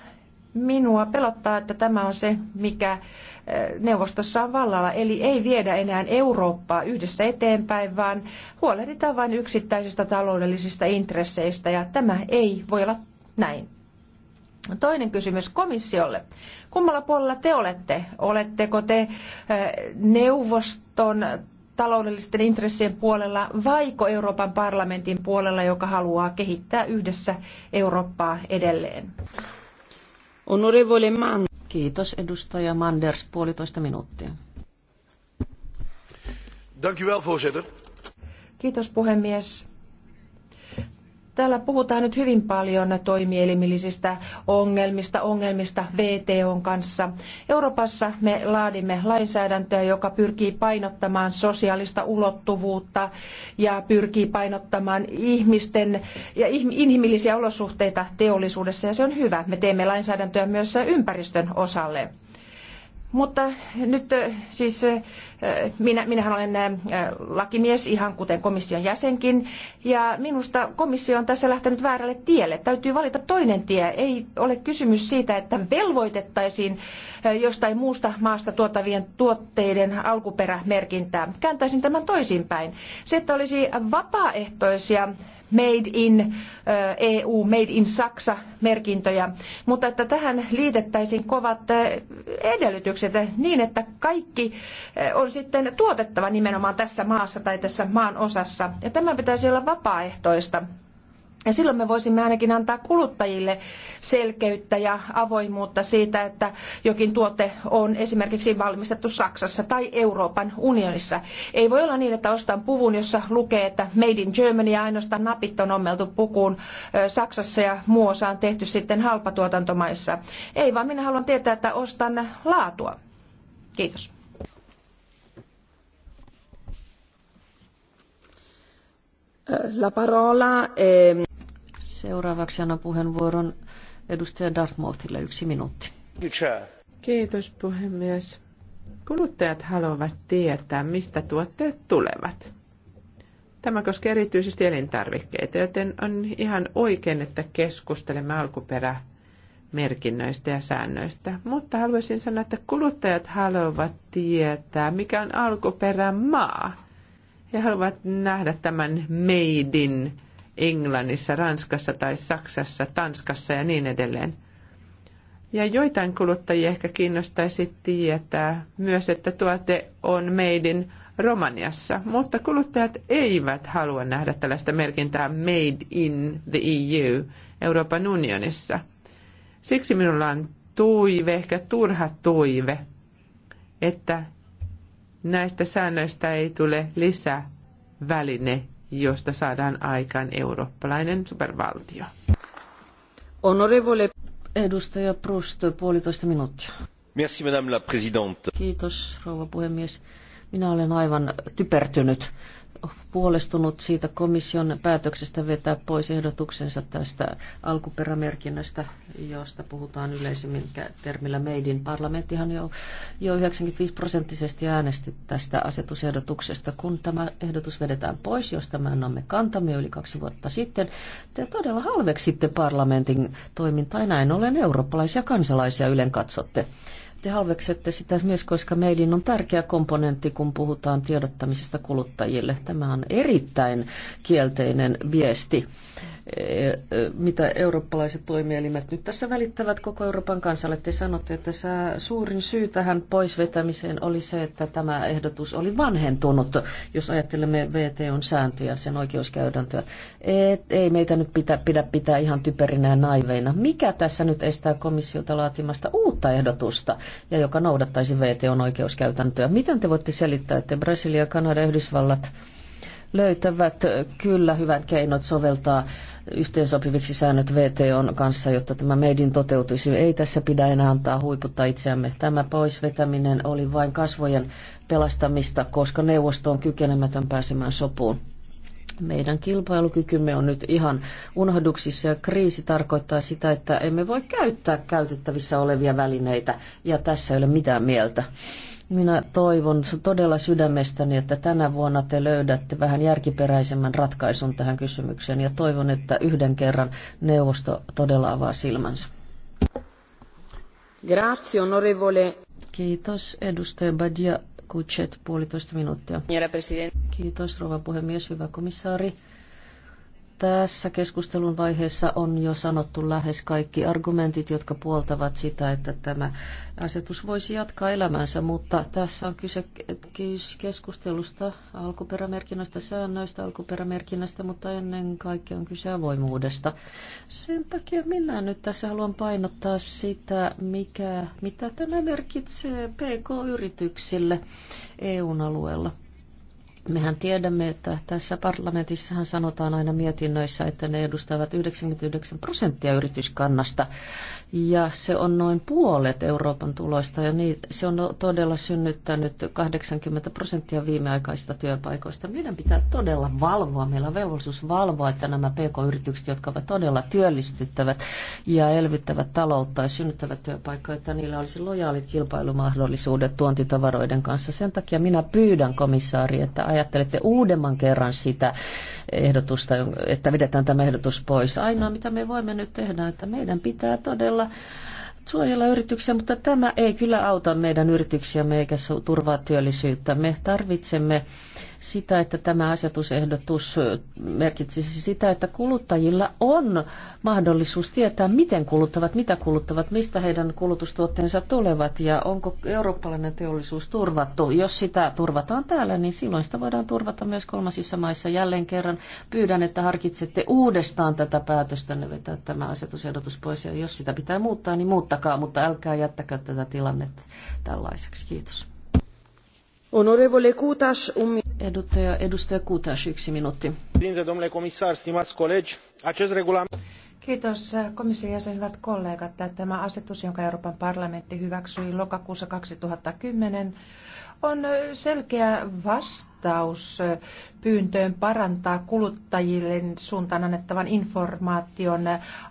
Minua pelottaa, että tämä on se, mikä eh, neuvostossa on vallalla. Eli ei viedä enää Eurooppaa yhdessä eteenpäin, vaan huolehditaan vain yksittäisistä taloudellisista intresseistä. Ja tämä ei voi olla näin. Toinen kysymys komissiolle. Kummalla puolella te olette? Oletteko te eh, neuvoston taloudellisten intressien puolella vaiko Euroopan parlamentin puolella, joka haluaa kehittää yhdessä Eurooppaa edelleen? Onorevole Mann. Kiitos edustaja Manders, puolitoista minuuttia. Dank u wel, voorzitter. Kiitos puhemies. Täällä puhutaan nyt hyvin paljon toimielimillisistä ongelmista, ongelmista VTOn kanssa. Euroopassa me laadimme lainsäädäntöä, joka pyrkii painottamaan sosiaalista ulottuvuutta ja pyrkii painottamaan ihmisten ja inhimillisiä olosuhteita teollisuudessa ja se on hyvä. Me teemme lainsäädäntöä myös ympäristön osalle. Mutta nyt eh, siis eh, minä, minähän olen eh, lakimies ihan kuten komission jäsenkin ja minusta komissio on tässä lähtenyt väärälle tielle. Täytyy valita toinen tie. Ei ole kysymys siitä, että velvoitettaisiin jostain muusta maasta tuotavien tuotteiden alkuperämerkintää. Kääntäisin tämän toisinpäin. Se, että olisi vapaaehtoisia Made in EU, eh, e Made in Saksa merkintöjä, mutta että tähän liitettäisiin kovat eh, edellytykset niin, että kaikki eh, on sitten tuotettava nimenomaan tässä maassa tai tässä maan osassa. Ja tämän pitäisi olla vapaaehtoista ja silloin me voisimme ainakin antaa kuluttajille selkeyttä ja avoimuutta siitä, että jokin tuote on esimerkiksi valmistettu Saksassa tai Euroopan unionissa. Ei voi olla niin, että ostan puvun, jossa lukee, että Made in Germany ja ainoastaan napit on ommeltu pukuun Saksassa ja muu osa on tehty sitten halpatuotantomaissa. Ei, vaan minä haluan tietää, että ostan laatua. Kiitos. La parola, è ehm, Seuraavaksi annan puheenvuoron edustaja Dartmouthille yksi minuutti. Kiitos puhemies. Kuluttajat haluavat tietää, mistä tuotteet tulevat. Tämä koskee erityisesti elintarvikkeita, joten on ihan oikein, että keskustelemme alkuperämerkinnöistä ja säännöistä. Mutta haluaisin sanoa, että kuluttajat haluavat tietää, mikä on alkuperämaa. He haluavat nähdä tämän meidin Englannissa, Ranskassa tai Saksassa, Tanskassa ja niin edelleen. Ja joitain kuluttajia ehkä kiinnostaisi tietää myös, että tuote on made in Romaniassa, mutta kuluttajat eivät halua nähdä tällaista merkintää Made in the EU Euroopan unionissa. Siksi minulla on tuive, ehkä turha tuive, että näistä säännöistä ei tule lisää väline josta saadaan aikaan eurooppalainen supervaltio. Honorevole edustaja Proust, puolitoista minuuttia. Merci, madame la présidente. Kiitos, rouva puhemies. Minä olen aivan typertynyt puolestunut siitä komission päätöksestä vetää pois ehdotuksensa tästä alkuperämerkinnöstä, josta puhutaan yleisemmin termillä meidin. Parlamenttihan jo, jo 95 prosenttisesti äänesti tästä asetusehdotuksesta. Kun tämä ehdotus vedetään pois, jos tämä annamme kantamme yli kaksi vuotta sitten, te todella halveksitte parlamentin toimintaa näin ollen eurooppalaisia kansalaisia ylen katsotte. Te halveksette sitä myös, koska meidän on tärkeä komponentti, kun puhutaan tiedottamisesta kuluttajille. Tämä on erittäin kielteinen viesti Eh, eh, mitä eurooppalaiset toimielimet nyt tässä välittävät koko Euroopan kansalle. Te sanotte, että suurin syy tähän poisvetämiseen oli se, että tämä ehdotus oli vanhentunut, jos ajattelemme VTOn sääntöjä, sen oikeuskäytäntöä. Et, ei meitä nyt pitä, pidä pitää ihan typerinä ja naiveina. Mikä tässä nyt estää komissiota laatimasta uutta ehdotusta, ja joka noudattaisi VTOn oikeuskäytäntöä? Miten te voitte selittää, että Brasilia, Kanada ja Yhdysvallat – löytävät kyllä hyvän keinot soveltaa yhteensopiviksi säännöt VTOn kanssa, jotta tämä meidin toteutuisi. Ei tässä pidä enää antaa huiputtaa itseämme. Tämä poisvetäminen oli vain kasvojen pelastamista, koska neuvosto on kykenemätön pääsemään sopuun. Meidän kilpailukykymme on nyt ihan unohduksissa ja kriisi tarkoittaa sitä, että emme voi käyttää käytettävissä olevia välineitä ja tässä ei ole mitään mieltä. Minä toivon todella sydämestäni, että tänä vuonna te löydätte vähän järkiperäisemmän ratkaisun tähän kysymykseen ja toivon, että yhden kerran neuvosto todella avaa silmänsä. Grazie, onorevole. Kiitos, edustaja Badia Kutset, puolitoista minuuttia. Kiitos, rouva puhemies, hyvä komissaari. Tässä keskustelun vaiheessa on jo sanottu lähes kaikki argumentit, jotka puoltavat sitä, että tämä asetus voisi jatkaa elämänsä, mutta tässä on kyse keskustelusta alkuperämerkinnästä, säännöistä alkuperämerkinnästä, mutta ennen kaikkea on kyse avoimuudesta. Sen takia minä nyt tässä haluan painottaa sitä, mikä, mitä tämä merkitsee PK-yrityksille eu alueella. Mehän tiedämme, että tässä parlamentissahan sanotaan aina mietinnöissä, että ne edustavat 99 prosenttia yrityskannasta ja se on noin puolet Euroopan tuloista ja niin, se on todella synnyttänyt 80 prosenttia viimeaikaisista työpaikoista. Meidän pitää todella valvoa, meillä on velvollisuus valvoa, että nämä pk-yritykset, jotka ovat todella työllistyttävät ja elvyttävät taloutta ja synnyttävät työpaikkoja, että niillä olisi lojaalit kilpailumahdollisuudet tuontitavaroiden kanssa. Sen takia minä pyydän komissaari, että ajattelette uudemman kerran sitä, ehdotusta, että vedetään tämä ehdotus pois. Ainoa, mitä me voimme nyt tehdä, että meidän pitää todella suojella yrityksiä, mutta tämä ei kyllä auta meidän yrityksiämme eikä turvaa työllisyyttä. Me tarvitsemme sitä, että tämä asetusehdotus merkitsisi sitä, että kuluttajilla on mahdollisuus tietää, miten kuluttavat, mitä kuluttavat, mistä heidän kulutustuotteensa tulevat ja onko eurooppalainen teollisuus turvattu. Jos sitä turvataan täällä, niin silloin sitä voidaan turvata myös kolmasissa maissa. Jälleen kerran pyydän, että harkitsette uudestaan tätä päätöstä, ne vetää tämä asetusehdotus pois ja jos sitä pitää muuttaa, niin muuttakaa, mutta älkää jättäkää tätä tilannetta tällaiseksi. Kiitos. Edustaja, Kutas, yksi minuutti. Kiitos komission jäsen, hyvät kollegat. Tämä asetus, jonka Euroopan parlamentti hyväksyi lokakuussa 2010, on selkeä vastaus pyyntöön parantaa kuluttajille suuntaan annettavan informaation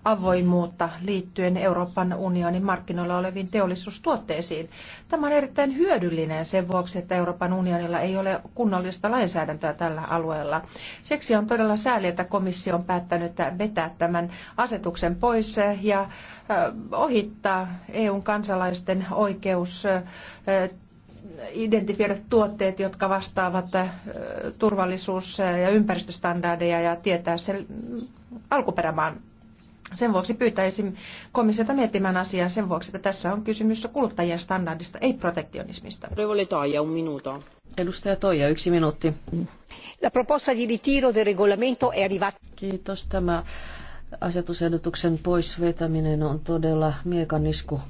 avoimuutta liittyen Euroopan unionin markkinoilla oleviin teollisuustuotteisiin. Tämä on erittäin hyödyllinen sen vuoksi, että Euroopan unionilla ei ole kunnollista lainsäädäntöä tällä alueella. Siksi on todella sääli, että komissio on päättänyt vetää tämän asetuksen pois ja ohittaa EUn kansalaisten oikeus identifioida tuotteet, jotka vastaavat turvallisuus- ja ympäristöstandardeja ja tietää sen alkuperämaan. Sen vuoksi pyytäisin komissiota miettimään asiaa sen vuoksi, että tässä on kysymys kuluttajien standardista, ei protektionismista. Edustaja Toija, yksi minuutti. La proposta di ritiro del regolamento è arrivata. Kiitos. Tämä asetusehdotuksen poisvetäminen on todella miekanisku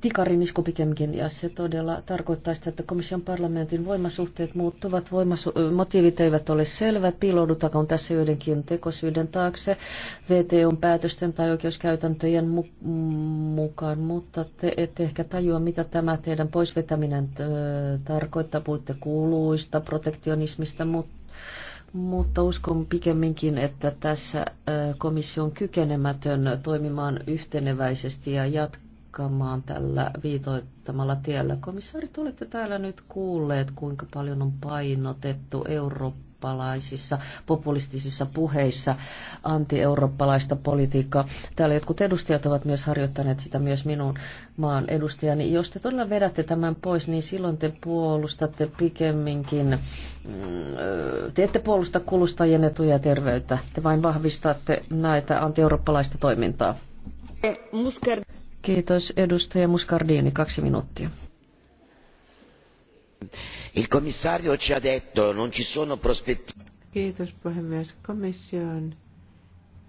tikarin isku pikemminkin, ja se todella tarkoittaa sitä, että komission parlamentin voimasuhteet muuttuvat, voimasu- motiivit eivät ole selvät, piiloudutakoon tässä joidenkin tekosyyden taakse, VTOn päätösten tai oikeuskäytäntöjen mu- mukaan, mutta te ette ehkä tajua, mitä tämä teidän poisvetäminen tarkoittaa, puhutte kuuluista, protektionismista, mutta mutta uskon pikemminkin, että tässä komissio on kykenemätön toimimaan yhteneväisesti ja jatkaa jatkamaan tällä viitoittamalla tiellä. Komissaarit, olette täällä nyt kuulleet, kuinka paljon on painotettu eurooppalaisissa populistisissa puheissa anti-eurooppalaista politiikkaa. Täällä jotkut edustajat ovat myös harjoittaneet sitä myös minun maan edustajani. Jos te todella vedätte tämän pois, niin silloin te puolustatte pikemminkin, mm, te ette puolusta kulustajien etuja ja terveyttä. Te vain vahvistatte näitä anti-eurooppalaista toimintaa. Musker Kiitos. Edustaja Muscardini, kaksi minuuttia. Il commissario ci ha detto non ci sono Kiitos puhemies. Komissio on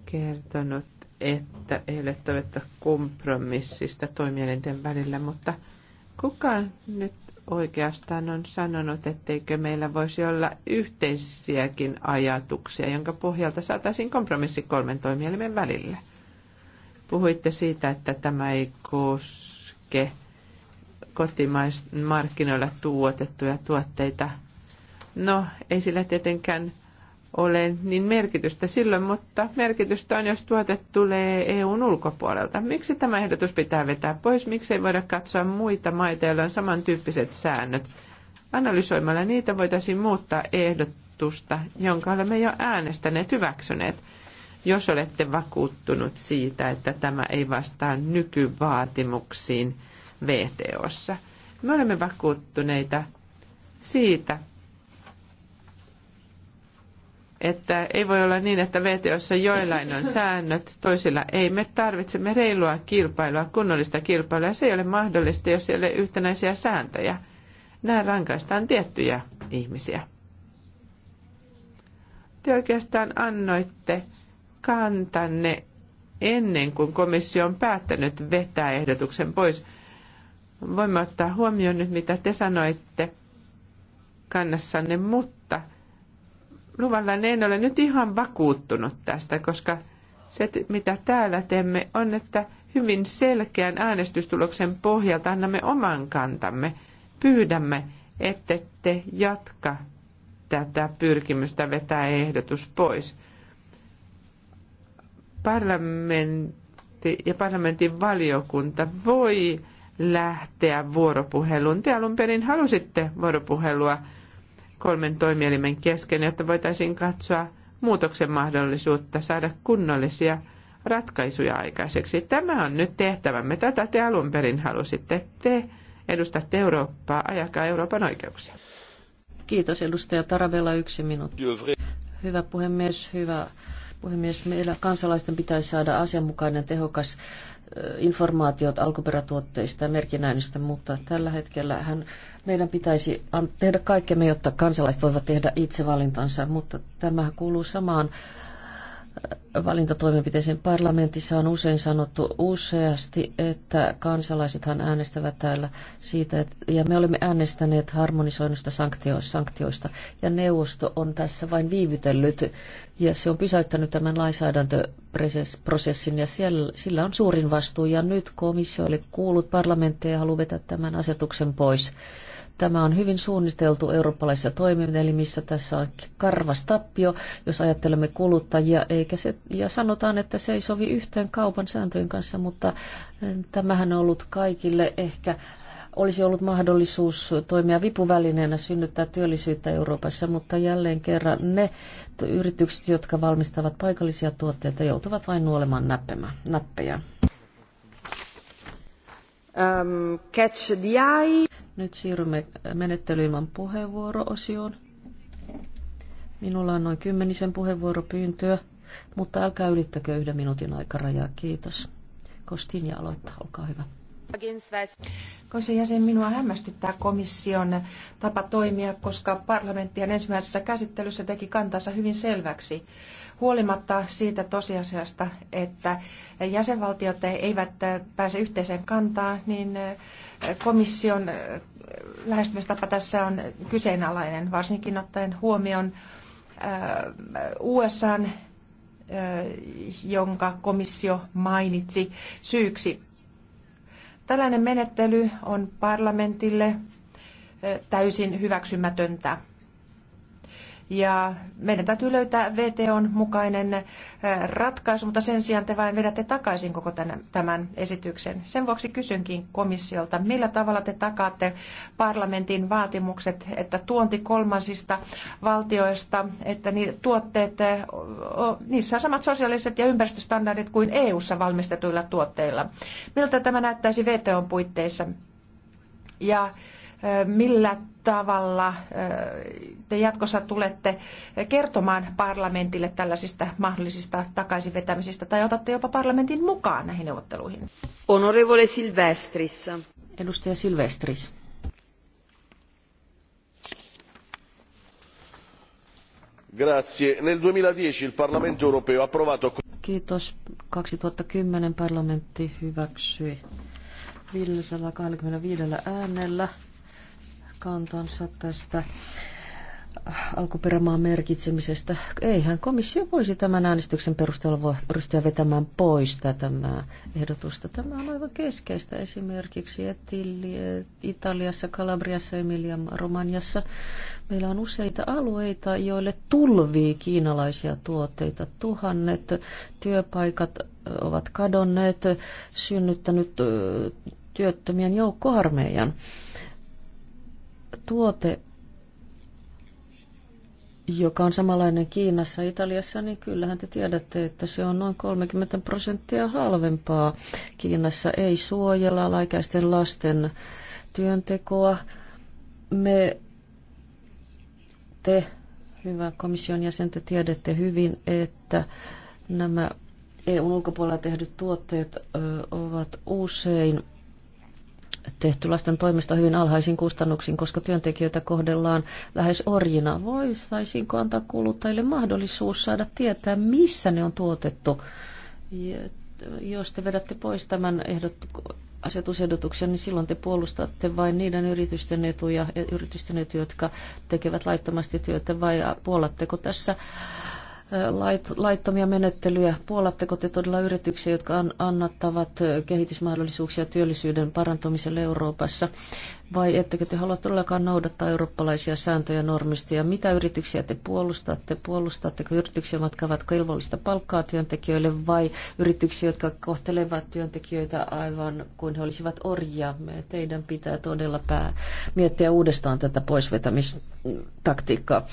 kertonut, että ei ole todetta kompromissista toimielinten välillä, mutta kuka nyt oikeastaan on sanonut, etteikö meillä voisi olla yhteisiäkin ajatuksia, jonka pohjalta saataisiin kompromissi kolmen toimielimen välillä? Puhuitte siitä, että tämä ei koske kotimaismarkkinoilla tuotettuja tuotteita. No, ei sillä tietenkään ole niin merkitystä silloin, mutta merkitystä on, jos tuote tulee EUn ulkopuolelta. Miksi tämä ehdotus pitää vetää pois? Miksi ei voida katsoa muita maita, joilla on samantyyppiset säännöt? Analysoimalla niitä voitaisiin muuttaa ehdotusta, jonka olemme jo äänestäneet hyväksyneet jos olette vakuuttunut siitä, että tämä ei vastaa nykyvaatimuksiin VTOssa. Me olemme vakuuttuneita siitä, että ei voi olla niin, että VTOssa joillain on säännöt, toisilla ei. Me tarvitsemme reilua kilpailua, kunnollista kilpailua. Se ei ole mahdollista, jos ei ole yhtenäisiä sääntöjä. Nämä rankaistaan tiettyjä ihmisiä. Te oikeastaan annoitte kantanne ennen kuin komissio on päättänyt vetää ehdotuksen pois. Voimme ottaa huomioon nyt, mitä te sanoitte kannassanne, mutta luvalla en ole nyt ihan vakuuttunut tästä, koska se, mitä täällä teemme, on, että hyvin selkeän äänestystuloksen pohjalta annamme oman kantamme. Pyydämme, ette te jatka tätä pyrkimystä vetää ehdotus pois parlamentti ja parlamentin valiokunta voi lähteä vuoropuheluun. Te alun perin halusitte vuoropuhelua kolmen toimielimen kesken, jotta voitaisiin katsoa muutoksen mahdollisuutta saada kunnollisia ratkaisuja aikaiseksi. Tämä on nyt tehtävämme. Tätä te alun perin halusitte. Te edustatte Eurooppaa, ajakaa Euroopan oikeuksia. Kiitos edustaja Taravella, yksi minuutti. Hyvä puhemies, hyvä Puhemies, meillä kansalaisten pitäisi saada asianmukainen tehokas informaatiot alkuperätuotteista ja merkinnäynnistä, mutta tällä hetkellä hän, meidän pitäisi tehdä kaikkemme, jotta kansalaiset voivat tehdä itse valintansa, mutta tämä kuuluu samaan valintatoimenpiteeseen. Parlamentissa on usein sanottu useasti, että kansalaisethan äänestävät täällä siitä, että, ja me olemme äänestäneet harmonisoinnusta sanktio, sanktioista, ja neuvosto on tässä vain viivytellyt, ja se on pysäyttänyt tämän lainsäädäntöprosessin, ja siellä, sillä on suurin vastuu, ja nyt komissio oli kuullut parlamentteja ja haluaa vetää tämän asetuksen pois. Tämä on hyvin suunniteltu eurooppalaisissa toimielimissä. Tässä on karvas tappio, jos ajattelemme kuluttajia, eikä se, ja sanotaan, että se ei sovi yhteen kaupan sääntöjen kanssa, mutta eh, tämähän on ollut kaikille ehkä olisi ollut mahdollisuus toimia vipuvälineenä synnyttää työllisyyttä Euroopassa, mutta jälleen kerran ne yritykset, jotka valmistavat paikallisia tuotteita, joutuvat vain nuolemaan näppejä. Um, catch the eye. Nyt siirrymme menettely ilman puheenvuoroosioon. Minulla on noin kymmenisen puheenvuoropyyntöä, mutta älkää ylittäkö yhden minuutin aikarajaa. Kiitos. Kostin ja aloittaa, olkaa hyvä. Komission jäsen, minua hämmästyttää komission tapa toimia, koska parlamentti ensimmäisessä käsittelyssä teki kantansa hyvin selväksi. Huolimatta siitä tosiasiasta, että jäsenvaltiot eivät pääse yhteiseen kantaan, niin komission lähestymistapa tässä on kyseenalainen, varsinkin ottaen huomioon äh, USAn äh, jonka komissio mainitsi syyksi Tällainen menettely on parlamentille eh, täysin hyväksymätöntä. Ja meidän täytyy löytää VTOn mukainen eh, ratkaisu, mutta sen sijaan te vain vedätte takaisin koko tämän esityksen. Sen vuoksi kysynkin komissiolta, millä tavalla te takaatte parlamentin vaatimukset, että tuonti kolmansista valtioista, että tuotteet, eh, niissä on samat sosiaaliset ja ympäristöstandardit kuin EU-ssa valmistetuilla tuotteilla. Miltä tämä näyttäisi VTOn puitteissa? Ja millä tavalla te jatkossa tulette kertomaan parlamentille tällaisista mahdollisista takaisinvetämisistä tai otatte jopa parlamentin mukaan näihin neuvotteluihin? Honorevole Silvestris. Edustaja Silvestris. Grazie. Nel 2010 il Parlamento europeo ha approvato... Kiitos. 2010 parlamentti hyväksyi 525 äänellä kantansa tästä alkuperämaan merkitsemisestä. Eihän komissio voisi tämän äänestyksen perusteella ryhtyä vetämään pois tätä ehdotusta. Tämä on aivan keskeistä esimerkiksi Etili, Italiassa, Kalabriassa, Emilia, Romaniassa. Meillä on useita alueita, joille tulvii kiinalaisia tuotteita. Tuhannet työpaikat ovat kadonneet, synnyttänyt työttömien joukkoarmeijan tuote, joka on samanlainen Kiinassa ja Italiassa, niin kyllähän te tiedätte, että se on noin 30 prosenttia halvempaa. Kiinassa ei suojella alaikäisten lasten työntekoa. Me, te, hyvä komission jäsen, te tiedätte hyvin, että nämä eu ulkopuolella tehdyt tuotteet ovat usein tehty lasten toimesta hyvin alhaisin kustannuksiin, koska työntekijöitä kohdellaan lähes orjina. Voisaisinko antaa kuluttajille mahdollisuus saada tietää, missä ne on tuotettu? Ja jos te vedätte pois tämän ehdot, asetusehdotuksen, niin silloin te puolustatte vain niiden yritysten etuja, yritysten etuja, jotka tekevät laittomasti työtä, vai puolatteko tässä laittomia menettelyjä. Puolatteko te todella yrityksiä, jotka annattavat kehitysmahdollisuuksia työllisyyden parantumiselle Euroopassa? Vai ettekö te halua todellakaan noudattaa eurooppalaisia sääntöjä normistoja? Mitä yrityksiä te puolustatte? Puolustatteko yrityksiä, jotka ovat kelvollista palkkaa työntekijöille vai yrityksiä, jotka kohtelevat työntekijöitä aivan kuin he olisivat orjia? Teidän pitää todella pää miettiä uudestaan tätä poisvetämistaktiikkaa.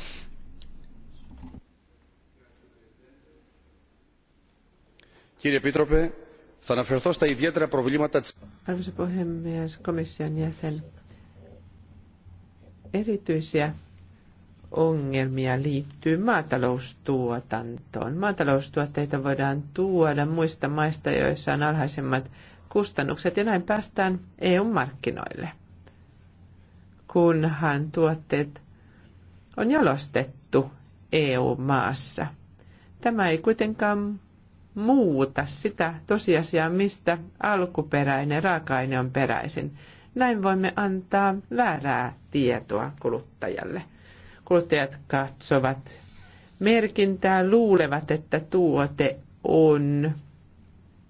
Arvoisa puhemies, komission jäsen. Erityisiä ongelmia liittyy maataloustuotantoon. Maataloustuotteita voidaan tuoda muista maista, joissa on alhaisemmat kustannukset ja näin päästään EU-markkinoille, kunhan tuotteet on jalostettu EU-maassa. Tämä ei kuitenkaan muuta sitä tosiasiaa, mistä alkuperäinen raaka-aine on peräisin. Näin voimme antaa väärää tietoa kuluttajalle. Kuluttajat katsovat merkintää, luulevat, että tuote on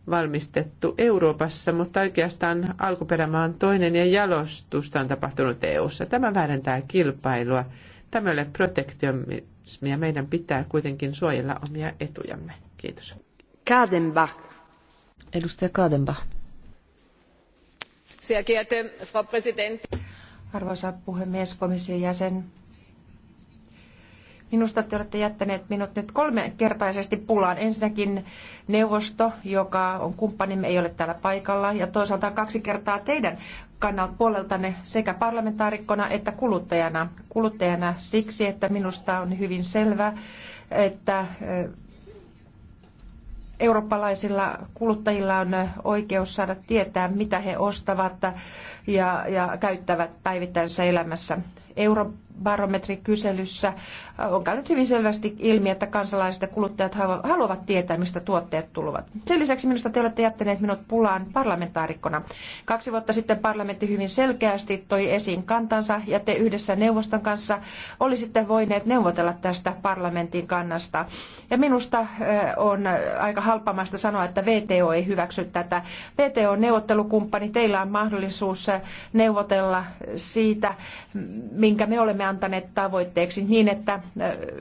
valmistettu Euroopassa, mutta oikeastaan alkuperämaa on toinen ja jalostusta on tapahtunut EU:ssa. Tämä väärentää kilpailua. Tämä ei ole protektionismia. Meidän pitää kuitenkin suojella omia etujamme. Kiitos. Frau Arvoisa puhemies, komission jäsen. Minusta te olette jättäneet minut nyt kolminkertaisesti pulaan. Ensinnäkin neuvosto, joka on kumppanimme, ei ole täällä paikalla. Ja toisaalta kaksi kertaa teidän puoleltanne sekä parlamentaarikkona että kuluttajana. Kuluttajana siksi, että minusta on hyvin selvä, että eurooppalaisilla kuluttajilla on oikeus saada tietää, mitä he ostavat ja, ja käyttävät päivittäisessä elämässä. Euro, barometrikyselyssä on käynyt hyvin selvästi ilmi, että kansalaiset ja kuluttajat haluavat tietää, mistä tuotteet tulevat. Sen lisäksi minusta te olette jättäneet minut pulaan parlamentaarikkona. Kaksi vuotta sitten parlamentti hyvin selkeästi toi esiin kantansa ja te yhdessä neuvoston kanssa olisitte voineet neuvotella tästä parlamentin kannasta. Ja minusta on aika halpamasta sanoa, että VTO ei hyväksy tätä. VTO on neuvottelukumppani, teillä on mahdollisuus neuvotella siitä, minkä me olemme antaneet tavoitteeksi niin, että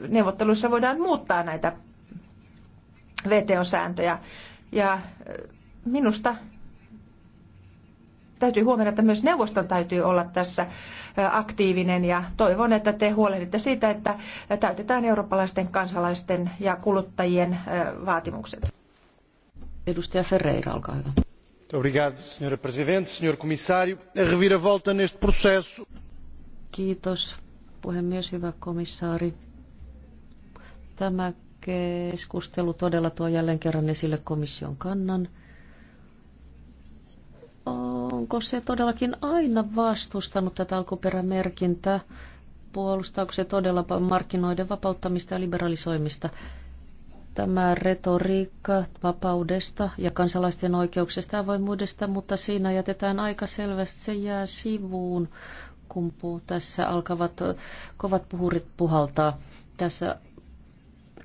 neuvotteluissa voidaan muuttaa näitä VTO-sääntöjä. Ja minusta täytyy huomioida, että myös neuvoston täytyy olla tässä aktiivinen ja toivon, että te huolehditte siitä, että täytetään eurooppalaisten kansalaisten ja kuluttajien vaatimukset. Edustaja Ferreira, olkaa hyvä. Kiitos, puhemies, hyvä komissaari. Tämä keskustelu todella tuo jälleen kerran esille komission kannan. Onko se todellakin aina vastustanut tätä alkuperämerkintää? Puolustaako se todella markkinoiden vapauttamista ja liberalisoimista? tämä retoriikka vapaudesta ja kansalaisten oikeuksista ja avoimuudesta, mutta siinä jätetään aika selvästi, se jää sivuun kumpuu. Tässä alkavat kovat puhurit puhaltaa. Tässä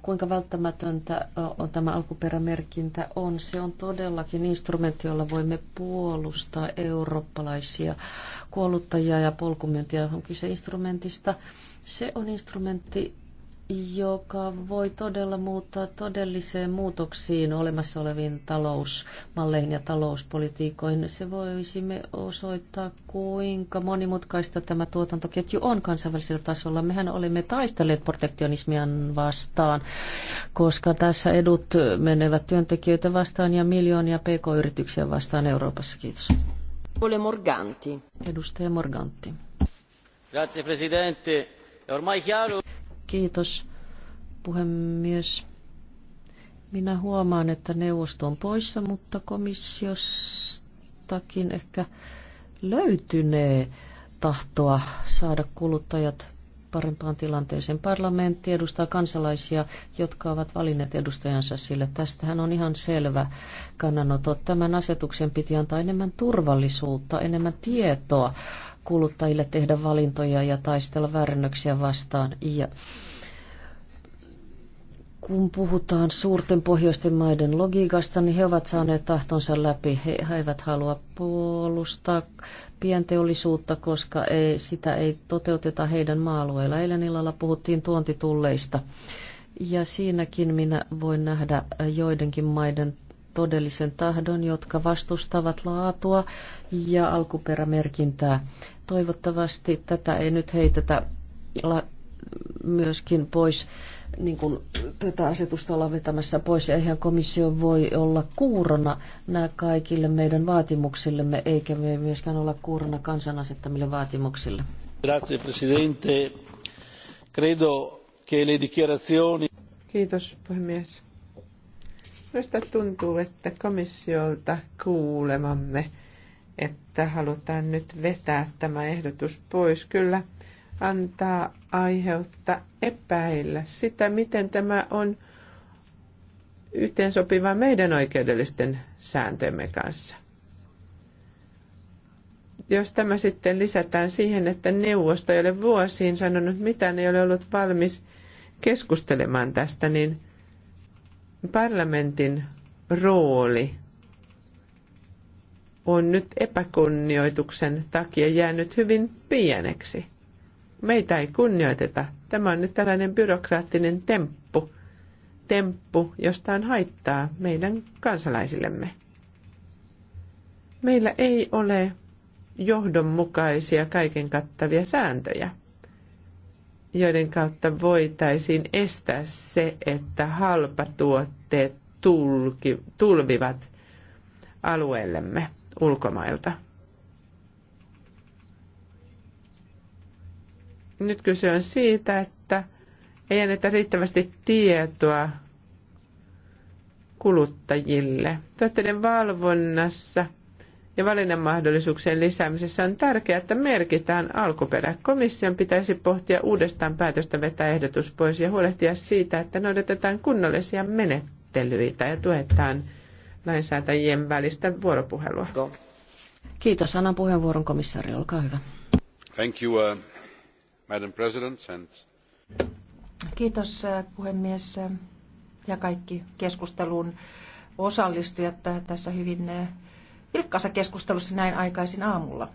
kuinka välttämätöntä on tämä alkuperämerkintä on. Se on todellakin instrumentti, jolla voimme puolustaa eurooppalaisia kuoluttajia ja polkumyyntiä. On kyse instrumentista. Se on instrumentti, joka voi todella muuttaa todelliseen muutoksiin olemassa oleviin talousmalleihin ja talouspolitiikoihin. Se voisimme osoittaa, kuinka monimutkaista tämä tuotantoketju on kansainvälisellä tasolla. Mehän olemme taistelleet protektionismian vastaan, koska tässä edut menevät työntekijöitä vastaan ja miljoonia pk-yrityksiä vastaan Euroopassa. Kiitos. Morganti. Edustaja Morganti. Grazie, Presidente. Ormai chiaro... Kiitos, puhemies. Minä huomaan, että neuvosto on poissa, mutta komissiostakin ehkä löytynee tahtoa saada kuluttajat parempaan tilanteeseen. Parlamentti edustaa kansalaisia, jotka ovat valinneet edustajansa sille. Tästähän on ihan selvä kannanotto. Tämän asetuksen piti antaa enemmän turvallisuutta, enemmän tietoa kuluttajille tehdä valintoja ja taistella väärännöksiä vastaan. Ja kun puhutaan suurten pohjoisten maiden logiikasta, niin he ovat saaneet tahtonsa läpi. He, eivät halua puolustaa pienteollisuutta, koska ei, sitä ei toteuteta heidän maalueilla. Eilen illalla puhuttiin tuontitulleista. Ja siinäkin minä voin nähdä joidenkin maiden todellisen tahdon, jotka vastustavat laatua ja alkuperämerkintää. Toivottavasti tätä ei nyt heitetä myöskin pois, niin kuin tätä asetusta ollaan vetämässä pois, ja eihän komissio voi olla kuurona nämä kaikille meidän vaatimuksillemme, eikä me myöskään olla kuurona kansan asettamille vaatimuksille. Grazie, Presidente. Credo che le dichiarazioni... Kiitos, puhemies Minusta tuntuu, että komissiolta kuulemamme, että halutaan nyt vetää tämä ehdotus pois, kyllä antaa aiheutta epäillä sitä, miten tämä on yhteensopiva meidän oikeudellisten sääntömme kanssa. Jos tämä sitten lisätään siihen, että neuvosto ei ole vuosiin sanonut mitään, ei ole ollut valmis keskustelemaan tästä, niin – parlamentin rooli on nyt epäkunnioituksen takia jäänyt hyvin pieneksi. Meitä ei kunnioiteta. Tämä on nyt tällainen byrokraattinen temppu, temppu, josta on haittaa meidän kansalaisillemme. Meillä ei ole johdonmukaisia kaiken kattavia sääntöjä – joiden kautta voitaisiin estää se, että halpatuotteet tulki, tulvivat alueellemme ulkomailta. Nyt kyse on siitä, että ei anneta riittävästi tietoa kuluttajille. Tuotteiden valvonnassa – ja valinnanmahdollisuuksien lisäämisessä on tärkeää, että merkitään alkuperä. Komission pitäisi pohtia uudestaan päätöstä vetää ehdotus pois ja huolehtia siitä, että noudatetaan kunnollisia menettelyitä ja tuetaan lainsäätäjien välistä vuoropuhelua. Kiitos. Annan puheenvuoron komissaari. Olkaa hyvä. Thank you, uh, Madam President. And... Kiitos uh, puhemies uh, ja kaikki keskusteluun osallistujat uh, tässä hyvin vilkkaassa keskustelussa näin aikaisin aamulla.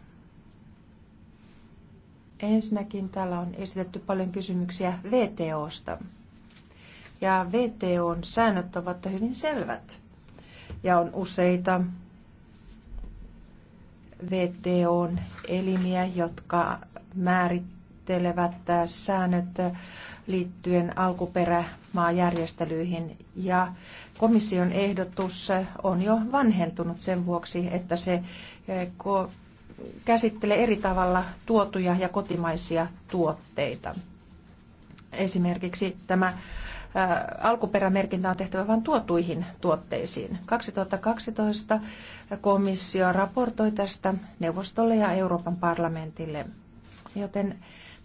Ensinnäkin täällä on esitetty paljon kysymyksiä VTOsta. Ja VTOn säännöt ovat hyvin selvät. Ja on useita VTOn elimiä, jotka määrittelevät säännöt liittyen alkuperä maajärjestelyihin ja komission ehdotus on jo vanhentunut sen vuoksi, että se eh, käsittelee eri tavalla tuotuja ja kotimaisia tuotteita. Esimerkiksi tämä eh, alkuperämerkintä on tehtävä vain tuotuihin tuotteisiin. 2012 komissio raportoi tästä neuvostolle ja Euroopan parlamentille. Joten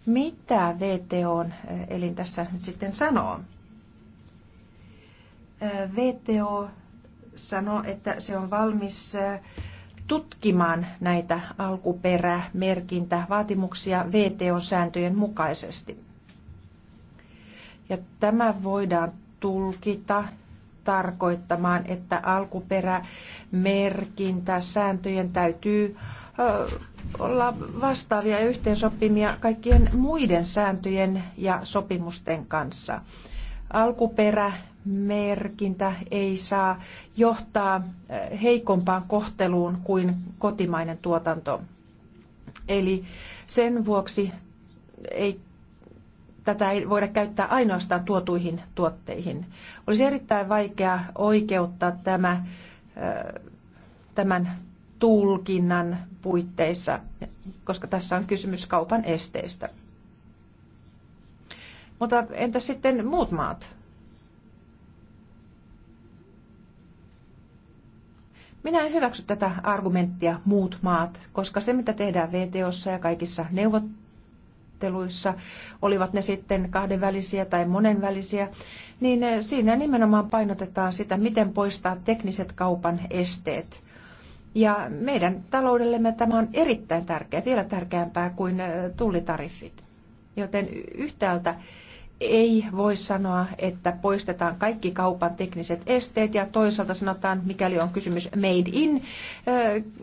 mitä on eh, elin tässä nyt sitten sanoo? VTO sanoi, että se on valmis tutkimaan näitä alkuperämerkintävaatimuksia VTO-sääntöjen mukaisesti. Ja tämä voidaan tulkita tarkoittamaan, että alkuperämerkintäsääntöjen täytyy olla vastaavia ja yhteensopimia kaikkien muiden sääntöjen ja sopimusten kanssa. Alkuperä merkintä ei saa johtaa eh, heikompaan kohteluun kuin kotimainen tuotanto. Eli sen vuoksi ei, tätä ei voida käyttää ainoastaan tuotuihin tuotteihin. Olisi erittäin vaikea oikeuttaa tämä, eh, tämän tulkinnan puitteissa, koska tässä on kysymys kaupan esteistä. Mutta entä sitten muut maat? Minä en hyväksy tätä argumenttia muut maat, koska se mitä tehdään VTOssa ja kaikissa neuvotteluissa, olivat ne sitten kahdenvälisiä tai monenvälisiä, niin eh, siinä nimenomaan painotetaan sitä, miten poistaa tekniset kaupan esteet. Ja meidän taloudellemme tämä on erittäin tärkeä, vielä tärkeämpää kuin eh, tullitariffit. Joten yhtäältä ei voi sanoa, että poistetaan kaikki kaupan tekniset esteet ja toisaalta sanotaan, mikäli on kysymys made in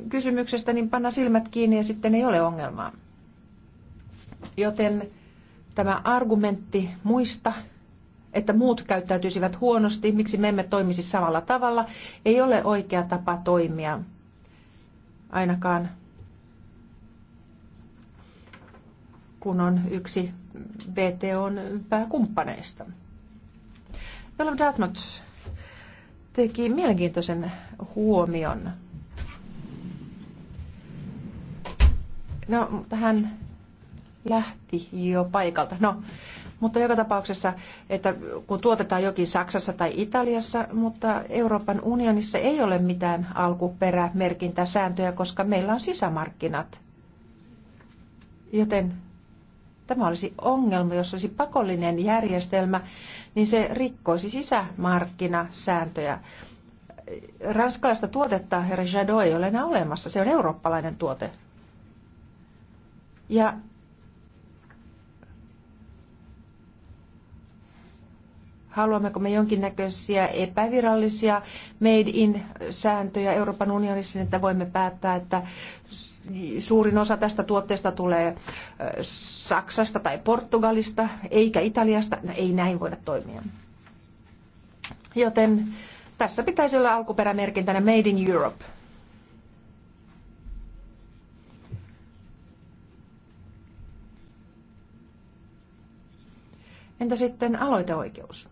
kysymyksestä, niin panna silmät kiinni ja sitten ei ole ongelmaa. Joten tämä argumentti muista, että muut käyttäytyisivät huonosti, miksi me emme toimisi samalla tavalla, ei ole oikea tapa toimia ainakaan kun on yksi VTOn pääkumppaneista. Jolla Dartmouth teki mielenkiintoisen huomion. No, mutta hän lähti jo paikalta. No, mutta joka tapauksessa, että kun tuotetaan jokin Saksassa tai Italiassa, mutta Euroopan unionissa ei ole mitään alkuperämerkintäsääntöjä, koska meillä on sisämarkkinat. Joten tämä olisi ongelma, jos olisi pakollinen järjestelmä, niin se rikkoisi sisämarkkinasääntöjä. Ranskalaista tuotetta, herra Jadot, ei ole enää olemassa. Se on eurooppalainen tuote. Ja haluammeko me jonkinnäköisiä epävirallisia made in-sääntöjä Euroopan unionissa, niin että voimme päättää, että suurin osa tästä tuotteesta tulee Saksasta tai Portugalista, eikä Italiasta. No, ei näin voida toimia. Joten tässä pitäisi olla alkuperämerkintänä Made in Europe. Entä sitten aloiteoikeus?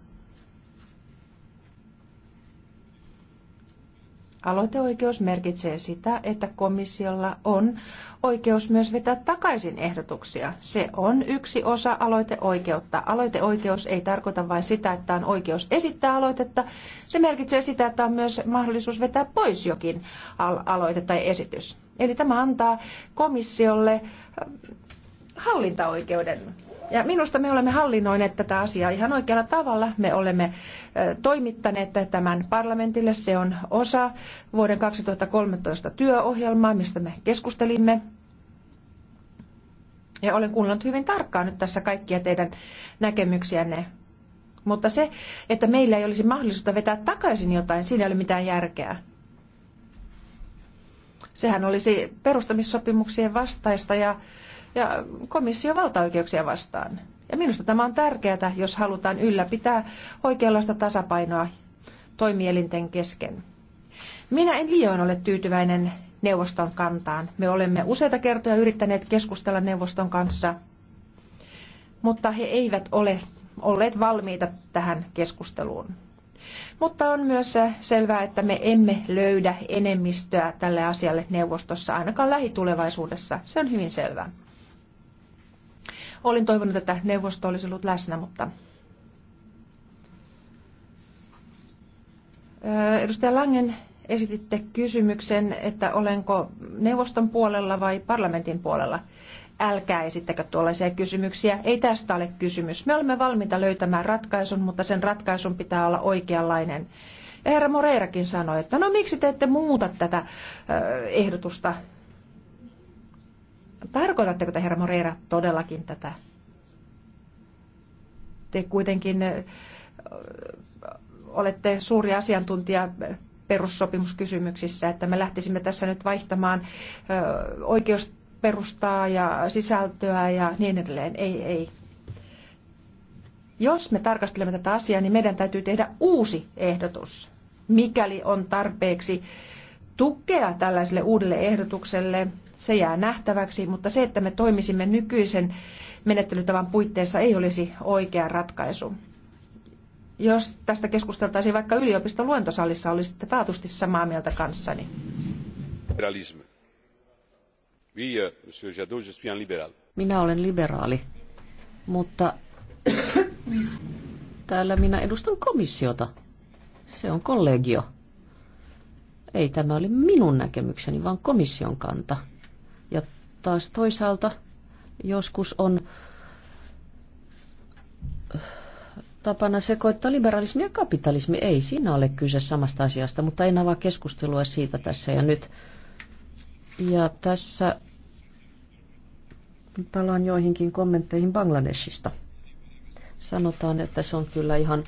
Aloiteoikeus merkitsee sitä, että komissiolla on oikeus myös vetää takaisin ehdotuksia. Se on yksi osa aloiteoikeutta. Aloiteoikeus ei tarkoita vain sitä, että on oikeus esittää aloitetta. Se merkitsee sitä, että on myös mahdollisuus vetää pois jokin aloite tai esitys. Eli tämä antaa komissiolle äh, hallintaoikeuden ja minusta me olemme hallinnoineet tätä asiaa ihan oikealla tavalla. Me olemme toimittaneet tämän parlamentille. Se on osa vuoden 2013 työohjelmaa, mistä me keskustelimme. Ja olen kuunnellut hyvin tarkkaan nyt tässä kaikkia teidän näkemyksiänne. Mutta se, että meillä ei olisi mahdollisuutta vetää takaisin jotain, siinä ei ole mitään järkeä. Sehän olisi perustamissopimuksien vastaista ja ja komission valtaoikeuksia vastaan. Ja minusta tämä on tärkeää, jos halutaan ylläpitää oikeanlaista tasapainoa toimielinten kesken. Minä en liioin ole tyytyväinen neuvoston kantaan. Me olemme useita kertoja yrittäneet keskustella neuvoston kanssa, mutta he eivät ole olleet valmiita tähän keskusteluun. Mutta on myös selvää, että me emme löydä enemmistöä tälle asialle neuvostossa ainakaan lähitulevaisuudessa. Se on hyvin selvää. Olin toivonut, että neuvosto olisi ollut läsnä, mutta... Edustaja Langen, esititte kysymyksen, että olenko neuvoston puolella vai parlamentin puolella. Älkää esittäkö tuollaisia kysymyksiä. Ei tästä ole kysymys. Me olemme valmiita löytämään ratkaisun, mutta sen ratkaisun pitää olla oikeanlainen. Ja herra Moreirakin sanoi, että no miksi te ette muuta tätä ehdotusta Tarkoitatteko te, herra Moreira, todellakin tätä? Te kuitenkin olette suuri asiantuntija perussopimuskysymyksissä, että me lähtisimme tässä nyt vaihtamaan oikeusperustaa ja sisältöä ja niin edelleen. Ei, ei. Jos me tarkastelemme tätä asiaa, niin meidän täytyy tehdä uusi ehdotus, mikäli on tarpeeksi tukea tällaiselle uudelle ehdotukselle se jää nähtäväksi, mutta se, että me toimisimme nykyisen menettelytavan puitteissa, ei olisi oikea ratkaisu. Jos tästä keskusteltaisiin vaikka yliopiston luentosalissa, olisitte taatusti samaa mieltä kanssani. Liberalisme. Oui, euh, monsieur Jadot, je suis un Minä olen liberaali, mutta täällä minä edustan komissiota. Se on kollegio. Ei tämä ole minun näkemykseni, vaan komission kanta. Ja taas toisaalta joskus on äh, tapana sekoittaa liberalismi ja kapitalismi. Ei siinä ole kyse samasta asiasta, mutta en avaa keskustelua siitä tässä ja nyt. Ja tässä palaan joihinkin kommentteihin Bangladesista. Sanotaan, että se on kyllä ihan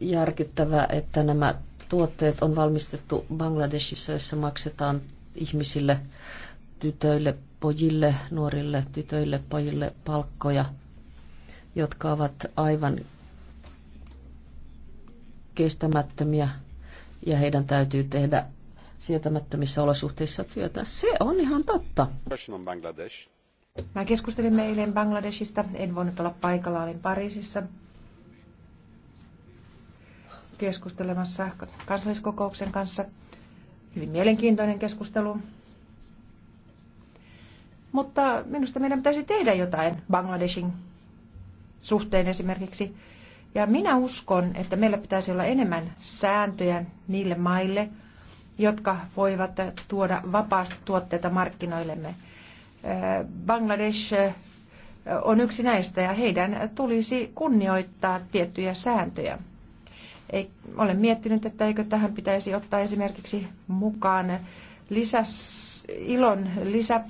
järkyttävää, että nämä tuotteet on valmistettu Bangladesissa, jossa maksetaan ihmisille tytöille, pojille, nuorille tytöille, pojille palkkoja, jotka ovat aivan kestämättömiä ja heidän täytyy tehdä sietämättömissä olosuhteissa työtä. Se on ihan totta. Mä keskustelin eilen Bangladesista. En voinut olla paikalla, olin Pariisissa keskustelemassa kansalliskokouksen kanssa. Hyvin mielenkiintoinen keskustelu. Mutta minusta meidän pitäisi tehdä jotain Bangladeshin suhteen esimerkiksi. Ja minä uskon, että meillä pitäisi olla enemmän sääntöjä niille maille, jotka voivat tuoda vapaasti tuotteita markkinoillemme. Äh, Bangladesh äh, on yksi näistä ja heidän tulisi kunnioittaa tiettyjä sääntöjä. Ei, olen miettinyt, että eikö tähän pitäisi ottaa esimerkiksi mukaan lisäs, ilon lisä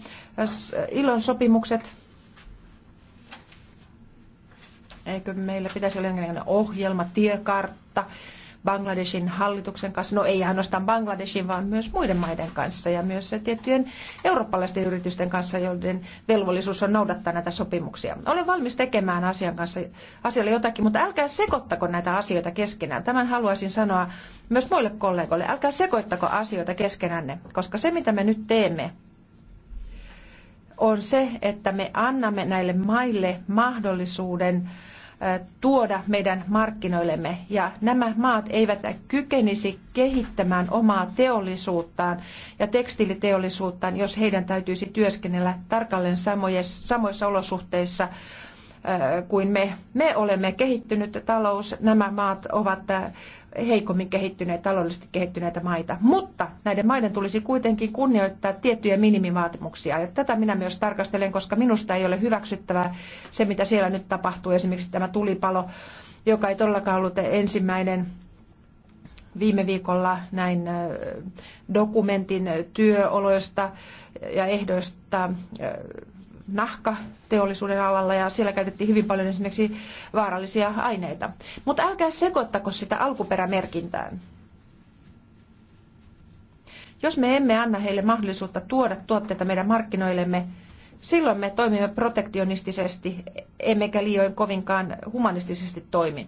ilon sopimukset. Eikö meillä pitäisi olla jonkinlainen ohjelma, tiekartta Bangladeshin hallituksen kanssa? No ei ainoastaan Bangladeshin, vaan myös muiden maiden kanssa ja myös tiettyjen eurooppalaisten yritysten kanssa, joiden velvollisuus on noudattaa näitä sopimuksia. Olen valmis tekemään asian kanssa, asialle jotakin, mutta älkää sekoittako näitä asioita keskenään. Tämän haluaisin sanoa myös muille kollegoille. Älkää sekoittako asioita keskenänne, koska se mitä me nyt teemme, on se, että me annamme näille maille mahdollisuuden tuoda meidän markkinoillemme. Ja nämä maat eivät kykenisi kehittämään omaa teollisuuttaan ja tekstiiliteollisuuttaan, jos heidän täytyisi työskennellä tarkalleen samoissa olosuhteissa kuin me. Me olemme kehittynyt talous, nämä maat ovat heikommin kehittyneitä, taloudellisesti kehittyneitä maita. Mutta näiden maiden tulisi kuitenkin kunnioittaa tiettyjä minimivaatimuksia. Ja tätä minä myös tarkastelen, koska minusta ei ole hyväksyttävää se, mitä siellä nyt tapahtuu. Esimerkiksi tämä tulipalo, joka ei todellakaan ollut ensimmäinen viime viikolla näin dokumentin työoloista ja ehdoista nahkateollisuuden alalla ja siellä käytettiin hyvin paljon esimerkiksi vaarallisia aineita. Mutta älkää sekoittako sitä alkuperämerkintään. Jos me emme anna heille mahdollisuutta tuoda tuotteita meidän markkinoillemme, silloin me toimimme protektionistisesti, emmekä liioin kovinkaan humanistisesti toimi.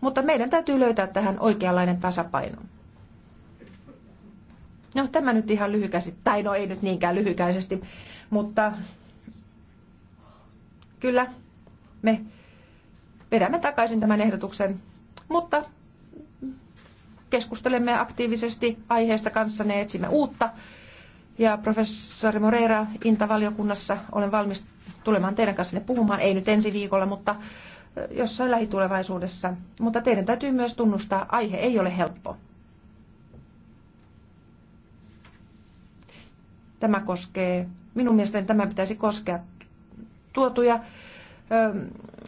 Mutta meidän täytyy löytää tähän oikeanlainen tasapaino. No tämä nyt ihan lyhykäisesti, tai no ei nyt niinkään lyhykäisesti, mutta kyllä me vedämme takaisin tämän ehdotuksen, mutta keskustelemme aktiivisesti aiheesta kanssanne, etsimme uutta. Ja professori Moreira Intavaliokunnassa olen valmis tulemaan teidän kanssanne puhumaan, ei nyt ensi viikolla, mutta jossain lähitulevaisuudessa. Mutta teidän täytyy myös tunnustaa, aihe ei ole helppo. Tämä koskee, minun mielestäni tämä pitäisi koskea tuotuja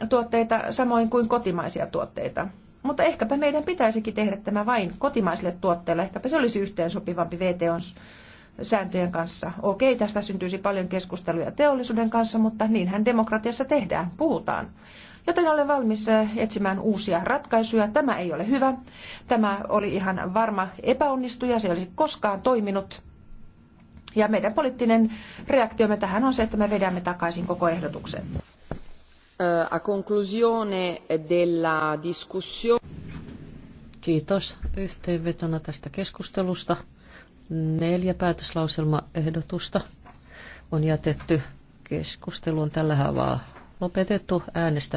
tuotteita samoin kuin kotimaisia tuotteita. Mutta ehkäpä meidän pitäisikin tehdä tämä vain kotimaisille tuotteille. Ehkäpä se olisi yhteensopivampi VTOn sääntöjen kanssa. Okei, tästä syntyisi paljon keskusteluja teollisuuden kanssa, mutta niinhän demokratiassa tehdään, puhutaan. Joten olen valmis etsimään uusia ratkaisuja. Tämä ei ole hyvä. Tämä oli ihan varma epäonnistuja. Se ei olisi koskaan toiminut. Ja meidän poliittinen reaktiomme tähän on se, että me vedämme takaisin koko ehdotuksen. A conclusione della discussione. Kiitos yhteenvetona tästä keskustelusta. Neljä päätöslauselmaehdotusta on jätetty. Keskustelu on tällä havaa lopetettu äänestämään.